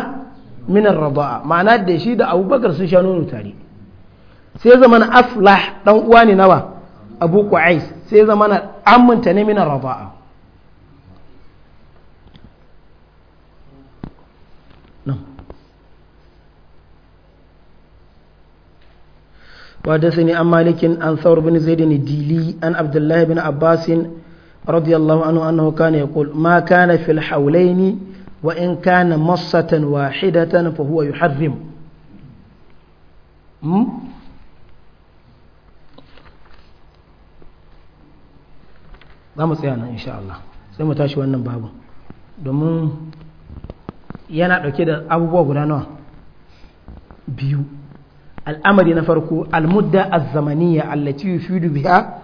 minar ma'ana da shi da abubakar sun sha nono tare sai zama na aflah dan uwa ne nawa abu qais sai zama na amminta ne minar rada'a وحدثني عن مالك عن ثور بن زيد الديلي عن عبد الله بن عباس رضي الله عنه أنه كان يقول ما كان في الحولين وإن كان مصة واحدة فهو يحرم za mu tsaya nan insha Allah sai mu tashi wannan babu domin yana dauke da abubuwa guda nawa biyu al'amari na farko almudda azzamaniya allati yufidu biha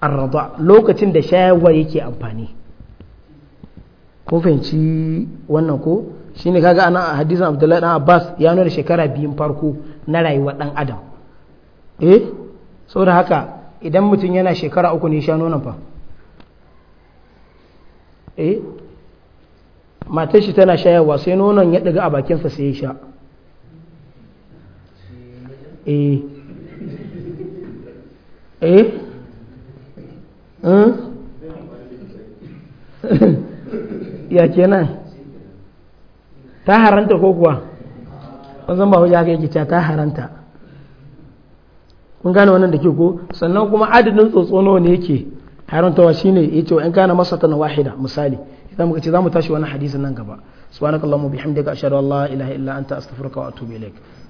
arraba lokacin da shayarwa yake amfani kun fahimci wannan ko shine kaga ana a hadisin abdullahi dan abbas ya nuna shekara biyun farko na rayuwar dan adam eh saboda haka idan mutum yana shekara uku ne sha nonon fa eh matar shi tana shayarwa sai nonon ya daga a bakinsa sai ya sha eh eh ya kenan ta haranta ko kuwa wanzan ba hujja haka yake ta haranta kun gane wannan da ke ko sannan kuma adadin tsotso nawa ne yake harantawa shine wa in kana masatan wahida misali idan muka ce mu tashi wani hadisin nan gaba subhanakallahumma bihamdika ashhadu an la ilaha illa anta astaghfiruka wa atubu ilaik